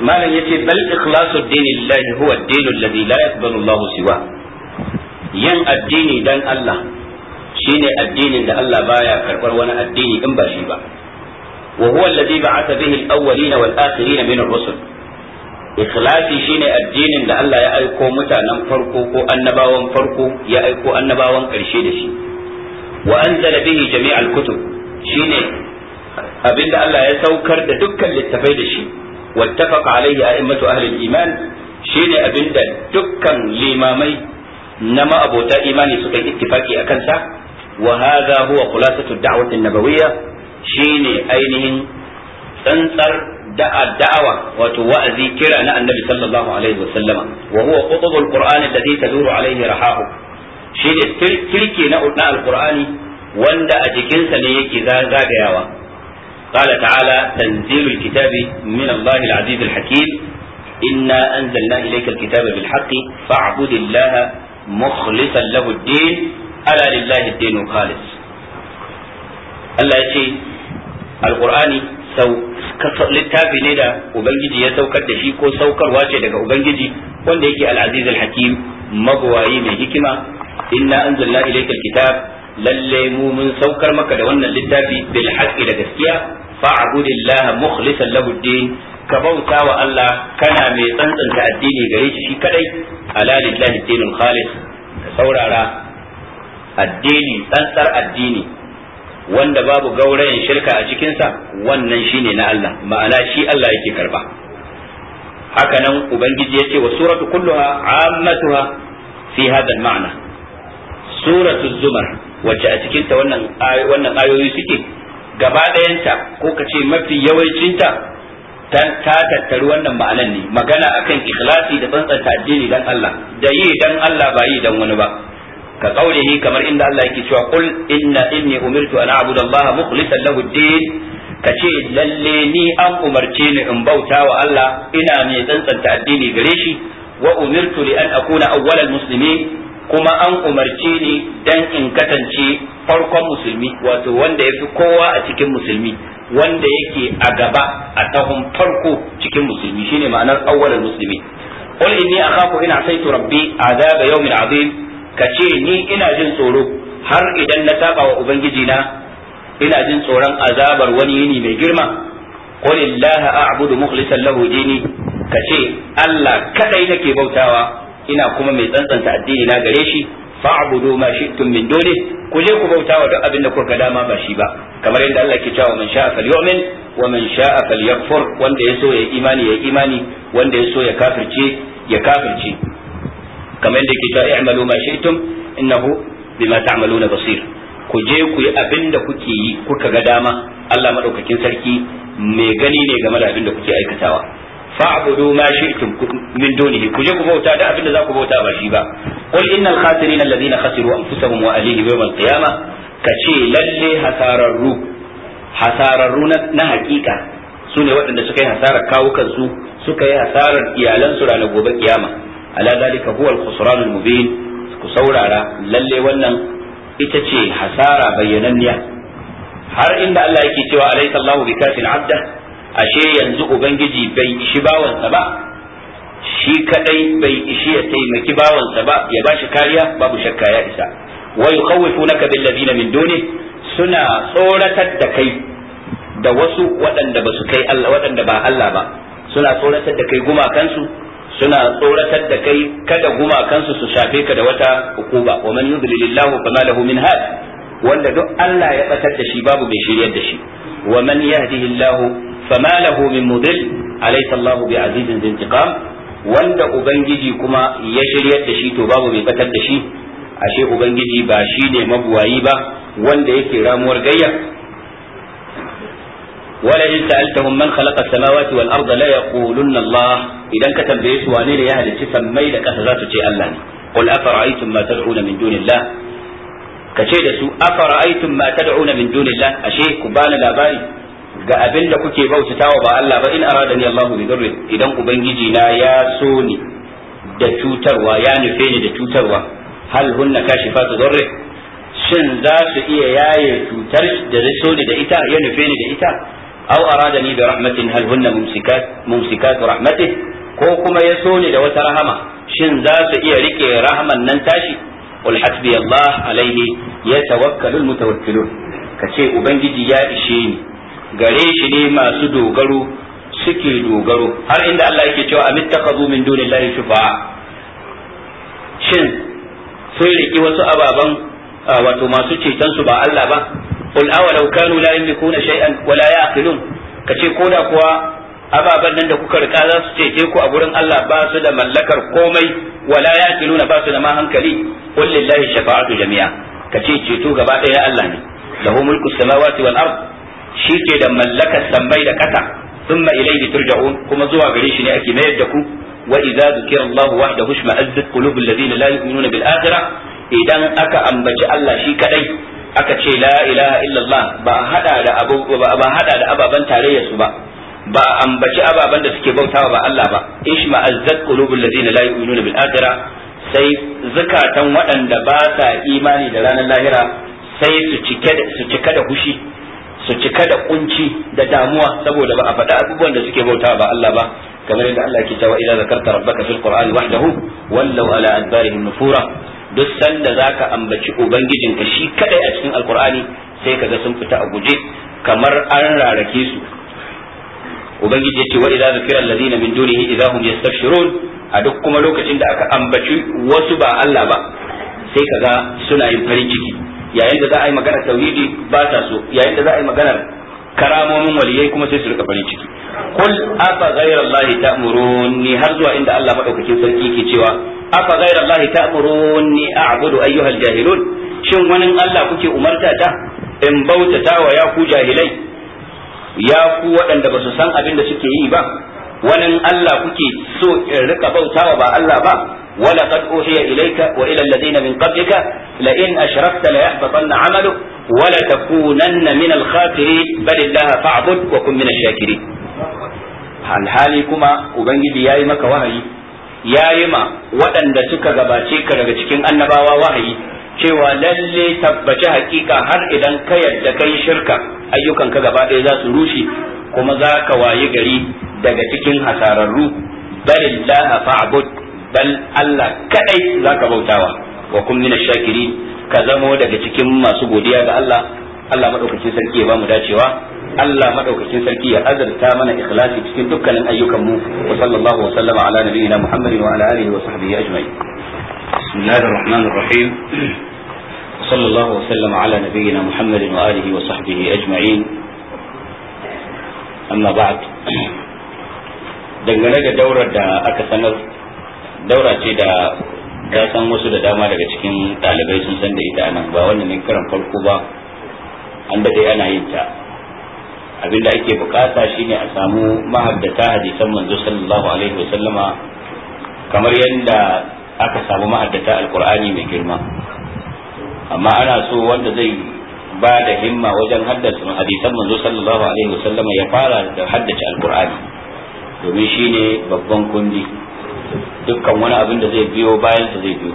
ما لم يتي بل إخلاص الدين لله هو الدين الذي لا يقبل الله سواه ين الدين دان الله shine addinin da Allah baya karbar wani addini in ba shi ba wa huwa alladhi ba'atha bihi al-awwalin wal akhirin min ar-rusul ikhlasi shine addinin da Allah ya aiko mutanen farko ko annabawan farko ya aiko annabawan karshe da shi wa anzala bihi jami' al-kutub shine abinda Allah ya saukar da dukkan littafai da shi wattafaqa alaihi a'immatu ahli al-iman shine abinda dukkan limamai na ma'abota imani suka yi ittifaki a kansa wa hadha huwa khulasatu da'wati an-nabawiyya shine ainihin tsantsar الدعوة وتوأذي كرا النبي صلى الله عليه وسلم وهو قطب القرآن الذي تدور عليه رحاه شيء تلكي نأتنا القرآن وند أجكين سنيك إذا زاقياوا قال تعالى تنزيل الكتاب من الله العزيز الحكيم إنا أنزلنا إليك الكتاب بالحق فاعبد الله مخلصا له الدين ala lillahi dinu khalis Allah ya ce alqur'ani sau littafi ne da ubangiji ya saukar da shi ko saukarwa ce daga ubangiji wanda yake al-aziz al-hakim magwayi mai hikima inna anzalna ilayka al-kitab lalle mu mun saukar maka da wannan littafi bil haqqi da gaskiya fa'budillaha mukhlishan lahu din ka bauta wa Allah kana mai tsantsanta addini gare shi kadai ala lillahi dinul khalis ka saurara addini tsantsar addini wanda babu gaurayen shirka a cikinsa wannan shine na Allah ma'ana shi Allah yake karba haka nan ubangiji ya ce wa suratu kulluha ammatuha fi hada ma'ana suratu zumar wacce a cikinta wannan wannan ayoyi suke gaba ɗayanta ko ka ce mafi yawancinta ta tattaru wannan ma'anan ne magana akan ikhlasi da tsantsanta addini dan Allah da yi dan Allah ba yi dan wani ba ka qaulihi kamar inda Allah yake cewa qul inna inni umirtu an ba Allah mukhlishan lahu ad-din kace lalle ni an umarce ni in bauta wa Allah ina mai tsantsanta addini gare shi wa umirtu li an akuna awwalal muslimin kuma an umarce ni dan in kasance farkon musulmi wato wanda ya fi kowa a cikin musulmi wanda yake a gaba a tahon farko cikin musulmi shine ma'anar awwalul muslimi qul inni akhafu ina saitu rabbi azaba yawmin azim ka ce ni ina jin tsoro har idan na saba wa ubangiji na ina jin tsoron azabar wani yini mai girma qul illaha a'budu mukhlishan lahu dini ka ce Allah kadai nake bautawa ina kuma mai tsantsanta addini na gare shi fa'budu ma shi'tum min dole ku je ku bautawa duk abin da kuka dama ba shi ba kamar yadda Allah ke cewa man sha'a falyu'min wa man sha'a falyakfur wanda yaso ya imani ya imani wanda yaso ya kafirce ya kafirce kamar yadda yake cewa i'malu ma shi'tum innahu bima ta'maluna basir ku je ku yi abin da kuke yi kuka ga dama Allah madaukakin sarki mai gani ne game da abin da kuke aikatawa fa'budu ma shi'tum min dunihi ku je ku bauta da abin da za ku bauta ba shi ba qul innal khasirin alladhina khasiru anfusahum wa ahlihim yawm al-qiyamah kace lalle hasararru hasararru na hakika su ne waɗanda suka yi hasarar kawukansu suka yi hasarar iyalansu ranar gobe kiyama ala zalika huwa al-khusran al-mubin ku saurara lalle wannan ita ce hasara bayyananniya har inda Allah yake cewa alaysa Allahu bikafin abda ashe yanzu ubangiji bai ishi bawansa ba shi kadai bai ishi ya taimaki bawansa ba ya bashi kariya babu shakka ya isa wa yukhawifunaka kabila ladina min duni suna tsoratar da kai da wasu waɗanda ba su kai Allah waɗanda ba Allah ba suna tsoratar da kai gumakansu suna tsoratar da kai kada gumakansu su shafe ka da wata hukuma wa man yudlilillahu fama lahu min had wanda duk Allah ya batar da shi babu mai shiryar da shi wa man yahdihillahu fama lahu min mudil alaysa Allahu bi azizin intiqam wanda ubangiji kuma ya shiryar da shi to babu mai batar da shi ashe ubangiji ba shine mabuwayi ba wanda yake ramuwar gayya ولئن سألتهم من خلق السماوات والأرض لا يقولن الله إذا كتب بيس وانين يا أهل الجسم ميل كهذات الله قل أفرأيتم ما تدعون من دون الله كشيء سوء أفرأيتم ما تدعون من دون الله أشيء كبان لا باري ga abinda da kuke bautatawa ba Allah ba in aradani Allahu bi dhurri idan ubangiji na ya so ni da cutarwa ya ni da cutarwa hal shin za su iya yaye cutar da so da ita ya nufe ni da ita aw ni bi rahmatin hal hunna mumsikat mumsikat rahmatih ko kuma ya so ni da wata rahama shin za su iya rike rahaman nan tashi qul hasbi Allah alaihi yatawakkalul mutawakkilun kace ubangiji ya ishe ni gare shi ne masu dogaro suke dogaro har inda Allah yake cewa amittakhadhu min dunillahi shufa'a shin sun riki wasu ababan wato masu ceton su ba Allah ba qul awalau kanu la yamlikuna shay'an wa la ya'qilun kace ko da kuwa ababan nan da kuka rika za su cece ku a gurin Allah ba su da mallakar komai wala na ba su da ma hankali qul lillahi shafa'atu jami'a kace ceto gaba ɗaya Allah ne lahu mulku samawati wal ard shi ke da mallakar sammai da kasa thumma ilayhi turja'un kuma zuwa gare shi ne ake mayar da ku wa idza dhukira Allah wahdahu shma'azzat qulubul ladina la yu'minuna bil akhirah idan aka ambaci Allah shi kadai aka ce la ilaha illallah ba hada da abu ba hada da ababan tarayya su ba ba a ambaci ababan da suke bautawa ba Allah ba ishma azzat qulubul ladina la yu'minuna bil akhirah sai zakatan waɗanda ba sa imani da ranar lahira sai su cike da su cika da hushi su cika da kunci da damuwa saboda ba a faɗa abubuwan da suke bautawa ba Allah ba kamar yadda Allah ke cewa idza zakarta rabbaka fil qur'ani wahdahu wallau ala adbarihim nufura duk sanda zaka ambaci ubangijinka shi kadai a cikin alkur'ani sai kaga sun fita a guje kamar an rarake su ubangiji yace wa idza zukira alladhina min dunihi idza hum yastabshirun a duk kuma lokacin da aka ambaci wasu ba Allah ba sai kaga suna yin farin ciki yayin da za a yi magana tauhidi ba ta so yayin da za a yi magana karamomin waliyai kuma sai su rika farin ciki kul afa ghayra allahi ta'muruni har zuwa inda Allah madaukakin sarki yake cewa afa ghayra allahi ta'muruni a'budu ayyuhal jahilun shin wani Allah kuke umarta ta in bautata wa ya ku jahilai ya ku waɗanda ba su san abin da suke yi ba wani Allah kuke so in rika bautawa ba Allah ba wala qad uhiya ilayka wa ila alladhina min qablika la in ashrakta la yahbatanna 'amaluk wa la takunanna min al-khasirin bal fa'bud wa kun min ash-shakirin alhali kuma ubangiji yayi maka wahayi yayi ma waɗanda suka gabace ka daga cikin annabawa wahayi cewa lalle tabbaci hakika har idan ka yarda kai shirka ayyukanka gaba ɗaya za su rushe kuma za ka wayi gari daga cikin hasararru balillaha fa'bud bal Allah kadai zaka bautawa wa kun min shakiri ka zamo daga cikin masu godiya ga Allah Allah madaukakin sarki ya bamu dacewa Allah madaukakin sarki ya azurta mana ikhlasi cikin dukkanin ayyukanmu mu wa sallallahu wa sallama ala nabiyyina Muhammadin wa ala alihi wa sahbihi ajma'in bismillahir rahmanir rahim صلى الله وسلم على نبينا محمد وآله وصحبه أجمعين أما بعد dangane da daurar da aka sanar daura ce da ta san wasu da dama daga cikin ɗalibai sun san da ita nan ba wannan ne karan farko ba an daɗe ana yin ta abinda ake bukata shine a samu mahaddata hadisan manzo sallallahu alaihi wasallama kamar yadda aka samu mahaddata alqur'ani mai girma amma ana so wanda zai ba da himma wajen haddace hadisan manzo sallallahu alaihi wasallama ya fara da haddace alqur'ani domin shi ne babban kundi dukkan wani abin da zai biyo bayan sa zai biyo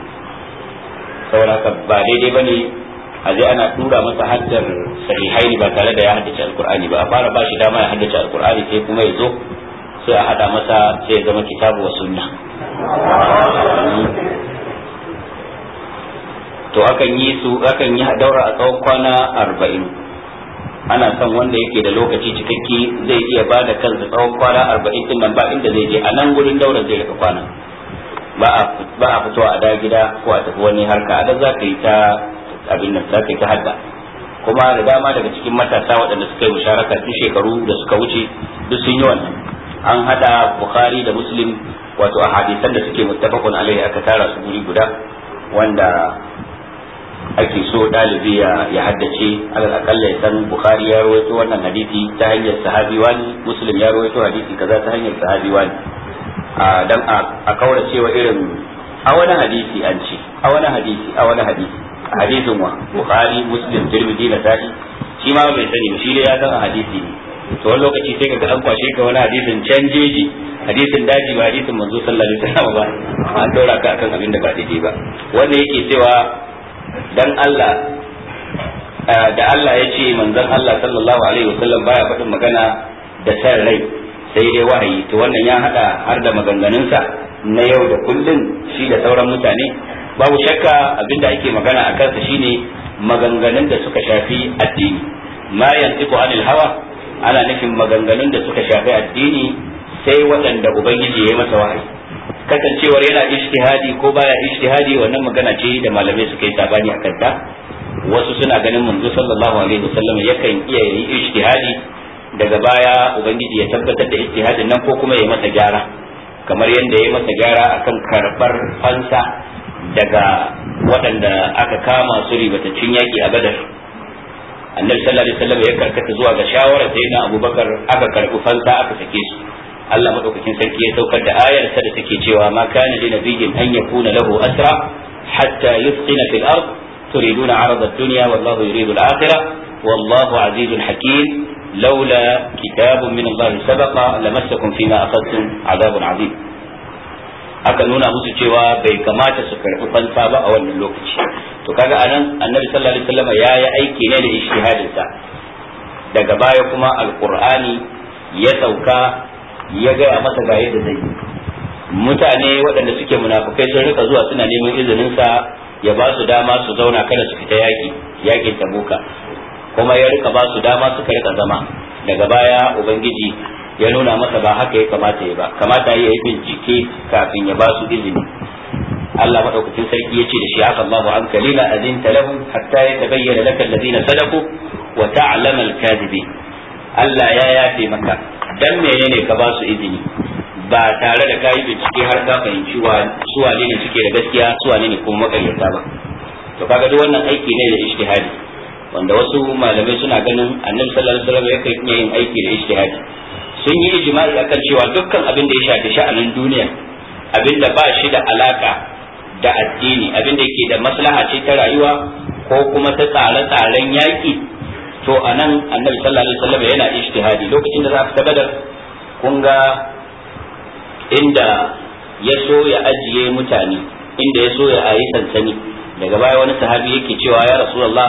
saboda haka ba daidai ba ne a zai ana tura masa haddar sahihaini ba tare da ya haddace alkur'ani ba a fara ba shi dama ya haddace alkur'ani sai kuma ya zo sai a hada masa sai ya zama kitabu wa sunna to akan yi su akan yi daura a tsawon kwana arba'in ana son wanda yake da lokaci cikakke zai iya ba da kansa tsawon kwana arba'in din nan ba inda zai je a nan gurin daura zai rika kwana ba a fitowa a da gida ko a tafi wani harka a da za ka yi ta abin nan za ka yi ta hadda kuma da dama daga cikin matasa waɗanda suka yi musharaka tun shekaru da suka wuce duk sun yi wannan an hada bukhari da muslim wato a hadisan da suke muttafaqun alaihi aka tara su guri guda wanda ake so dalibi ya haddace alal akalla ya san bukhari ya rawaito wannan hadisi ta hanyar sahabi wani muslim ya rawaito hadisi kaza ta hanyar sahabi wani dan a kaura cewa irin a wani hadisi an ce a wani hadisi a wani hadisi hadisin wa bukhari muslim tirmidhi na sahi shi ma bai sani shi dai ya san hadisi ne to wani lokaci sai kaga an kwashe ka wani hadisin canjeji hadisin daji ba hadisin manzo sallallahu alaihi wasallam ba an dora ka akan abin da ba daidai ba wanda yake cewa dan Allah eh, da Allah ya ce manzon Allah sallallahu alaihi wasallam baya faɗin magana da san rai sai dai wahayi to wannan ya hada har da maganganunsa na yau da kullun shi da sauran mutane babu shakka abinda ake magana a kansa shine maganganun da suka shafi addini ma yantiqu anil hawa ana nufin maganganun da suka shafi addini sai waɗanda ubangiji ya yi masa wahayi kasancewar yana ishtihadi ko baya ishtihadi wannan magana ce da malamai suka yi sabani a kanta wasu suna ganin manzo sallallahu alaihi wasallam yakan iya yi ishtihadi daga baya ubangiji ya tabbatar da ishtihadin nan ko kuma ya masa gyara kamar yadda ya masa gyara akan karbar fansa daga waɗanda aka kama su ribatacin yaki a badar annabi sallallahu alaihi wasallam ya karkata zuwa ga shawarar na abubakar aka karbi fansa aka sake su Allah madaukakin sarki ya saukar da ayar sa da take cewa ma kana li nabiyyin an yakuna lahu asra hatta yusqina fil ard turiduna arada ad-dunya wallahu yuridu al-akhirah wallahu azizun hakim laula kitabun min Allah sabaqa lamassakum fima akhadtum azabun azim aka nuna musu cewa bai kamata su karɓi fansa ba a wannan lokaci to kaga anan annabi sallallahu alaihi wasallam ya yi aiki ne da ijtihadin daga baya kuma alqur'ani ya sauka ya gaya masa ga yadda zai yi mutane waɗanda suke munafukai sun rika zuwa suna neman izinin sa ya ba su dama su zauna kada su fita yaki yakin tabuka kuma ya rika ba su dama suka rika zama daga baya ubangiji ya nuna masa ba haka ya kamata ya ba kamata ya yi bincike kafin ya ba su izini Allah madaukakin sarki yace da shi haka Allahu an kalila azinta lahum hatta tabayyana laka alladhina sadaku wa ta'lamal kadibi Allah ya yafe maka dan menene ka ba su izini ba tare da kayi bincike har ka fahimci su wane ne suke da gaskiya su wane ne kuma makaryata ba to kaga duk wannan aiki ne da ijtihadi wanda wasu malamai suna ganin annabi sallallahu alaihi wasallam yakan yin aiki da ijtihadi sun yi ijma'i akan cewa dukkan abin da ya shafi sha'anin duniya abin da ba shi da alaka da addini abin da yake da maslaha ce ta rayuwa ko kuma ta tsare-tsaren yaki. to a nan annabi sallallahu alaihi wasallam yana ijtihadi lokacin da za ka fita badar kun ga inda ya so ya ajiye mutane inda ya so ya ayi sansani daga baya wani sahabi yake cewa ya rasulullah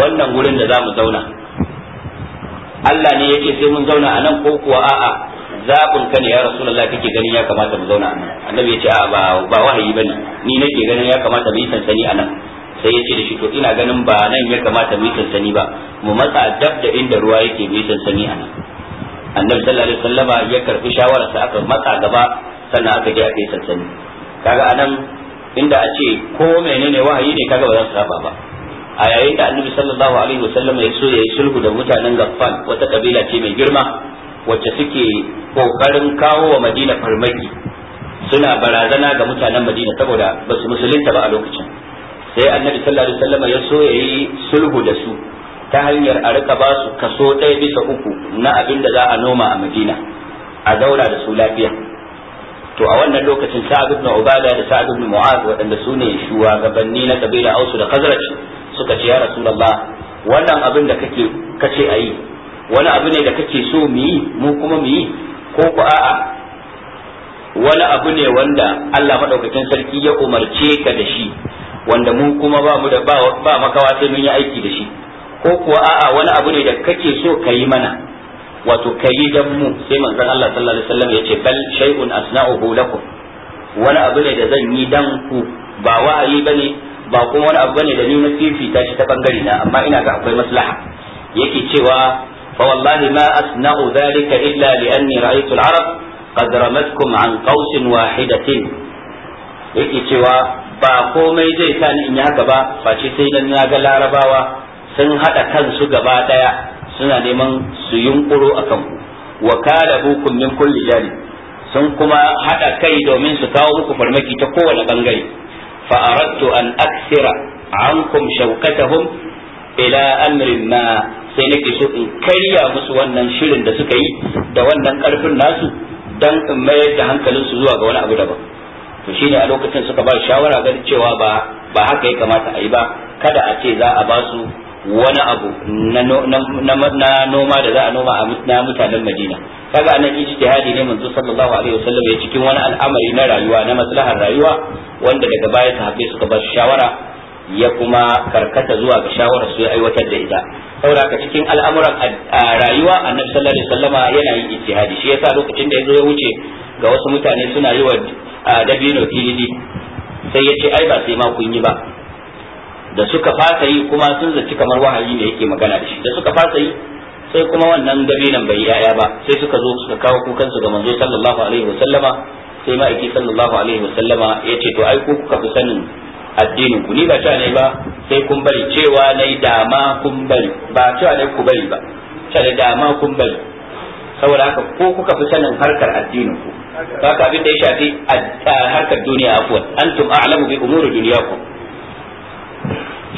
wannan gurin da za mu zauna Allah ne yake sai mun zauna a nan ko kuwa a'a zaɓin ka ne ya rasulullah kake ganin ya kamata mu zauna a nan annabi ya ce a ba wahayi bane ni nake ganin ya kamata mu yi sansani a nan sai ya ce da shi to ina ganin ba nan ya kamata mu yi sansani ba mu matsa dab da inda ruwa yake mu yi sansani a nan annabi sallallahu alaihi wasallama ya karbi shawarar sa aka matsa gaba sannan aka je aka yi sansani kaga anan inda a ce ko menene wahayi ne kaga ba za su saba ba a yayin da annabi sallallahu alaihi wasallama ya so ya yi sulhu da mutanen gaffan wata kabila ce mai girma wacce suke kokarin kawo wa madina farmaki suna barazana ga mutanen madina saboda ba su musulunta ba a lokacin sai annabi sallallahu alaihi wasallam ya so ya yi sulhu da su ta hanyar a rika ba su kaso ɗaya bisa uku na abin da za a noma a madina a zauna da su lafiya to a wannan lokacin sa'ad ibn ubada da sa'ad ibn mu'az waɗanda su ne shugabanni na kabila ausu da khazraj suka ce ya rasulullah wannan abin da kake kace ayi wani abu ne da kake so mu yi mu kuma mu yi ko ku a'a wani abu ne wanda Allah madaukakin sarki ya umarce ka da shi wanda mu kuma ba mu da ba makawa sai mun yi aiki da shi ko kuwa a'a wani abu ne da kake so ka yi mana wato ka yi dan mu sai manzon Allah sallallahu alaihi wasallam ya ce bal shay'un asna'uhu lakum wani abu ne da zan yi dan ku ba wa'ayi bane ba kuma wani abu bane da ni na fifita shi ta bangare na amma ina ga akwai maslaha yake cewa fa wallahi ma asna'u dhalika illa li anni ra'aytu al-arab qad ramatkum an qawsin wahidatin yake cewa ba komai zai sa ni in yi haka ba face sai dan na ga larabawa sun haɗa kansu gaba ɗaya suna neman su yunƙuro a kanku wa kada hukum min kulli jani sun kuma haɗa kai domin su kawo muku farmaki ta kowane bangare fa aradtu an aksira ankum shawkatahum ila amrin ma sai nake so in karya musu wannan shirin da suka yi da wannan karfin nasu dan in mayar da hankalinsu zuwa ga wani abu daban to shine a lokacin suka ba shawara ganin cewa ba ba haka ya kamata a yi ba kada a ce za a ba su wani abu na noma da za a noma a na mutanen Madina kaga anan ijtihadi ne manzo sallallahu alaihi wasallam ya cikin wani al'amari na rayuwa na maslahar rayuwa wanda daga baya sahabbai suka ba shawara ya kuma karkata zuwa ga shawarar su ya aiwatar da ita saboda ka cikin al'amuran rayuwa annabi sallallahu alaihi wasallama yana yin ijtihadi shi yasa lokacin da yazo ya wuce ga wasu mutane suna yi wa dabino filili sai ya ce ai ba sai ma kun yi ba da suka fasa yi kuma sun zaci kamar wahayi ne yake magana da shi da suka fasa yi sai kuma wannan dabinan bai yaya ba sai suka zo suka kawo kukan su ga manzo sallallahu alaihi wasallama sai ma'aiki sallallahu alaihi wasallama ya ce to ai ku kuka fi sanin addinin ku ni ba cewa ne ba sai kun bari cewa ne dama kun bari ba cewa ne ku bari ba cewa ne dama kun bari saboda haka ko kuka fi sanin harkar addinin ku ba ka abin da ya shafi harkar duniya afwan antum a'lamu bi umuri dunyakum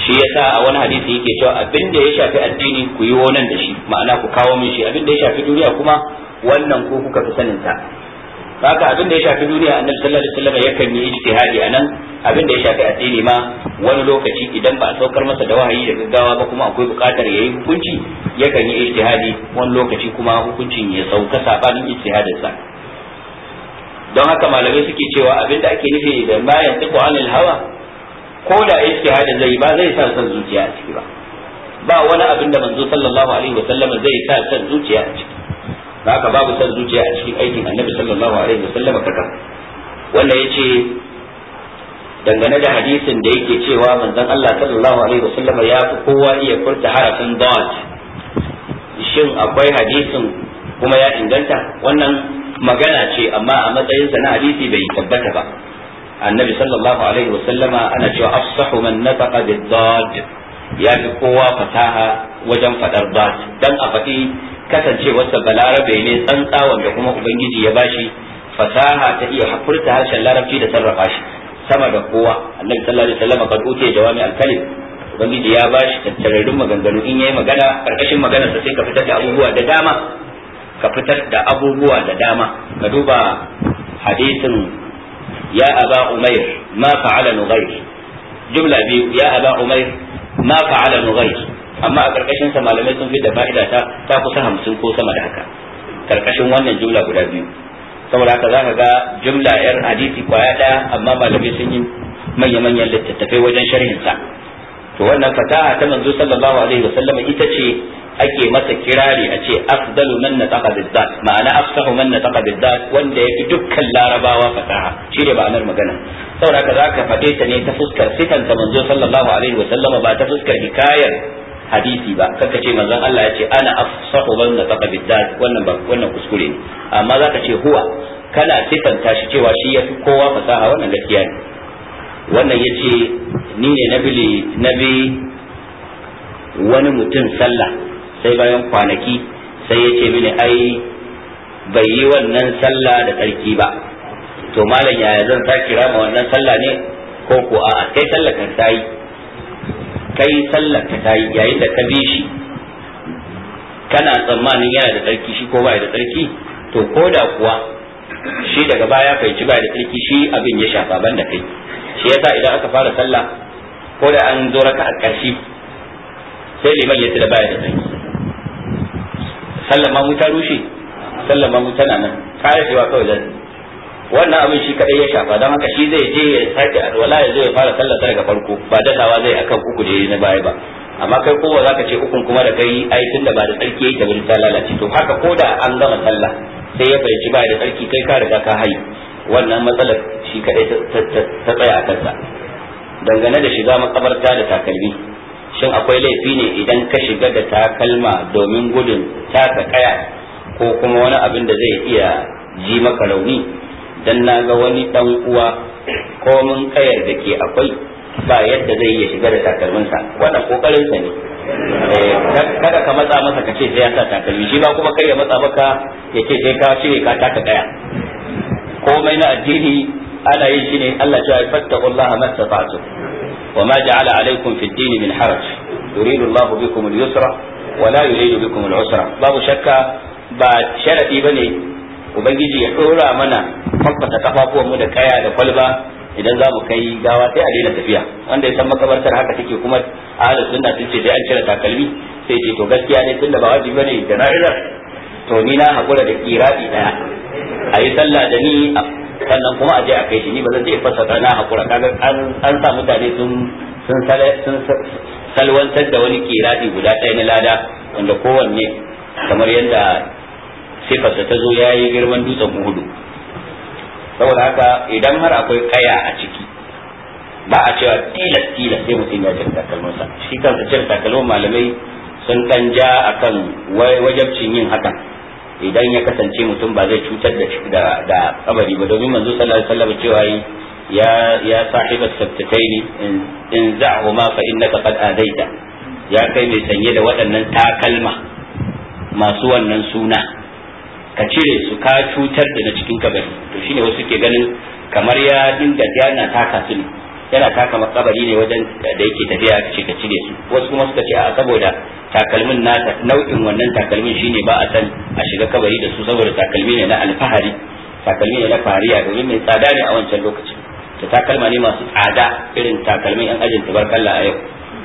shi yasa a wani hadisi yake cewa abin da ya shafi addini ku yi wonan da shi ma'ana ku kawo min shi abin da ya shafi duniya kuma wannan ko kuka fi sanin ta haka abin da ya shafi duniya annabi sallallahu alaihi wasallam yakan yi ijtihadi anan abin da ya shafi addini ma wani lokaci idan ba a saukar masa da wahayi da gaggawa ba kuma akwai buƙatar yayi hukunci yakan yi ijtihadi wani lokaci kuma hukuncin ya sauka sabanin ijtihadin sa don haka malamai suke cewa abin da ake nufi da bayan yantiqu anil hawa ko da ijtihadin zai ba zai sa san zuciya a ciki ba ba wani abin da manzo sallallahu alaihi wasallam zai sa san zuciya a ciki haka babu san zuciya a cikin aikin annabi sallallahu alaihi wasallam kaka wanda yace dangane da hadisin da yake cewa manzon Allah sallallahu alaihi wasallam ya fi kowa iya furta harafin dad shin akwai hadisin kuma ya inganta wannan magana ce amma a matsayin sa na hadisi bai tabbata ba annabi sallallahu alaihi wasallama ana cewa afsahu man nataqa bid-dad ya fi kowa fasaha wajen fadar dad dan a Kasance kasancewarsa balarabe ne tsantsa wanda kuma ubangiji ya bashi fasaha ta iya hafurta harshen larabci da sarrafa shi sama da kowa annabi sallallahu alaihi wasallam kad utiya jawami al-kalim ubangiji ya bashi tattararrun maganganu in yayi magana karkashin maganarsa sai ka fitar da abubuwa da dama ka fitar da abubuwa da dama ka duba hadisin ya aba umair ma fa'ala nughayr jumla biyu ya aba umair ma fa'ala nughayr amma a karkashin sa malamai sun fi da fa'ida ta ta kusa hamsin ko sama da haka karkashin wannan jumla guda biyu saboda haka zaka ga jumla yar hadisi kwaya ɗaya amma malamai sun yi manya-manyan littattafai wajen sharhin sa to wannan fataha ta manzo sallallahu alaihi wasallam ita ce ake masa kirari a ce afdalu man nataqa bizzat ma'ana afsahu man nataqa bizzat wanda yafi dukkan larabawa fasaha shi ne ma'anar magana saboda haka zaka fade ta ne ta fuskar ta manzo sallallahu alaihi wasallam ba ta fuskar hikayar hadisi ba kaka ce manzon Allah ya ce ana afsahu man nataqa biddad wannan ba wannan kuskure ne amma zaka ce huwa kana sifanta shi cewa shi yafi kowa fasaha wannan gaskiya ne wannan yace ni ne nabili nabi wani mutum sallah sai bayan kwanaki sai yace mini ai bai yi wannan sallah da tsarki ba to malam yaya zan sa kira ma wannan sallah ne ko ko a'a kai sallah kan sai kai sallar ka tayi yayin da ka bi shi kana tsammanin yana da tsarki shi ko ba da tsarki to ko da kuwa shi daga baya kai ci ba da tsarki shi abin ya shafa ban da kai shi yasa idan aka fara sallah ko da an zo raka a ƙarshe sai liman ya da baya da tsarki sallar ma mu ta rushe sallar ma mu tana nan kare cewa kawai zai wannan abin shi kadai ya shafa don haka shi zai je ya sake alwala ya zo ya fara sallata daga farko ba dadawa zai akan uku da na baya ba amma kai ko za ka ce ukun kuma da kai ai tun da ba da tsarki yake bari ta lalace to haka ko da an gama sallah sai ya fahimci ba da tsarki kai ka riga ka hayi wannan matsalar shi kadai ta tsaya a kansa dangane da shiga makabarta da takalmi shin akwai laifi ne idan ka shiga da takalma domin gudun taka kaya ko kuma wani abin da zai iya ji maka rauni dan na ga wani dan uwa ko mun kayar da ke akwai ba yadda zai iya shiga da takalminsa wannan kokarin ne eh, kada ka matsa masa ka ce sai ya sa takalmi shi ba kuma kai ya matsa maka ya ce sai ka cire ka taka kaya komai na addini ana yin shi ne Allah ya fattaqullaha mastata'tum wa ma ja'ala alaykum fi din min haraj yuridu Allah bikum al-yusra wa la yuridu bikum al-usra babu shakka ba sharadi bane ubangiji ya tsora mana fafata kafafuwan mu da kaya da kwalba idan za mu kai gawa sai a daina tafiya wanda ya san makabartar haka take kuma ahlus sunna sun ce sai an cire takalmi sai ce to gaskiya ne tunda ba wajibi bane jana'izar to ni na hakura da kirabi daya a yi sallah da ni sannan kuma a je a kai shi ni ba zan je da na hakura kaga an sa mutane sun sun salwantar da wani kiradi guda ɗaya na lada wanda kowanne kamar yadda sifarsa ta zo ya yi girman dutsen hudu saboda haka idan har akwai kaya a ciki ba a cewa tilas tilas sai mutum ya cire takalmansa shi kansa cire takalman malamai sun kan ja akan wajabcin yin hakan idan ya kasance mutum ba zai cutar da da kabari ba domin manzo sallallahu alaihi wasallam cewa ya ya sahiba sabtataini in za'huma fa innaka qad adaita ya kai mai sanye da waɗannan takalma masu wannan suna ka cire su ka cutar da na cikin kabari to shine wasu ke ganin kamar ya dinga yana taka su ne yana taka makabari ne wajen da yake tafiya a ce ka cire su wasu kuma suka ce a saboda takalmin nata nau'in wannan takalmin shine ba a san a shiga kabari da su saboda takalmi ne na alfahari takalmi ne na fariya domin mai tsada ne a wancan lokacin da takalma ne masu tsada irin takalmin yan ajin tabarkalla a yau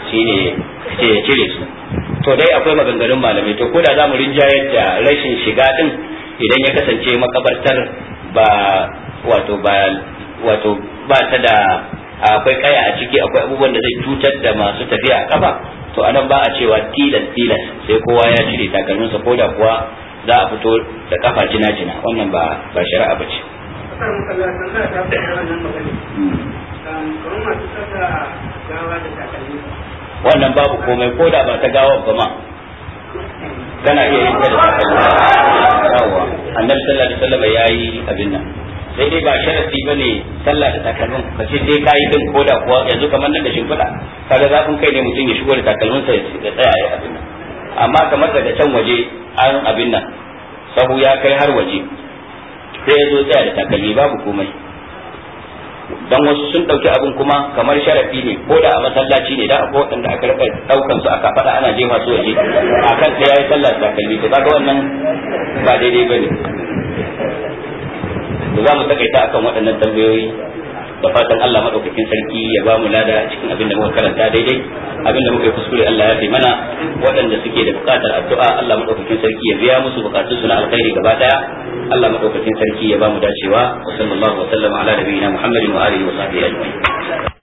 shine ya cire su to dai akwai maganganun malamai to ko da za mu rinjayar da rashin shiga din idan ya kasance makabartar ba wato ba wato ba ta da akwai kaya a ciki akwai abubuwan da zai cutar da masu tafiya a kafa to anan ba a cewa tilas tilas sai kowa ya cire takalminsa ko da kuwa za a fito da kafa jina jina wannan ba ba shari'a ba ce kuma hmm. masu gawa da wannan babu komai ko da ba ta gawar ba ma kana iya yin ta da takalma annabi sallallahu alaihi wasallam yayi abin nan sai dai ba ba ne sallah da takalmin ka ce dai kai din ko da kuwa yanzu kamar nan da shimfiɗa kaga zafin kai ne mutum ya shigo da takalmin sa ya tsaya ya abin nan amma kamar daga can waje an abin nan sahu ya kai har waje sai ya zo tsaya da takalmi babu komai dan wasu sun dauki abin kuma kamar sharafi ne ko da a masallaci ne da akwai waɗanda aka rika daukan su aka fada ana jefa su waje akan sai yayi sallah da kalli to kaga wannan ba daidai bane za mu takaita akan waɗannan tambayoyi da fatan Allah madaukakin sarki ya ba mu lada cikin abin da muka karanta daidai abin da muka yi kuskure Allah ya fi mana waɗanda suke da buƙatar addu'a Allah madaukakin sarki ya biya musu bukatun su na alkhairi gaba daya Allah madaukakin sarki ya ba mu dacewa wa sallallahu wa sallama ala nabiyina Muhammadin wa alihi wa sahbihi ajma'in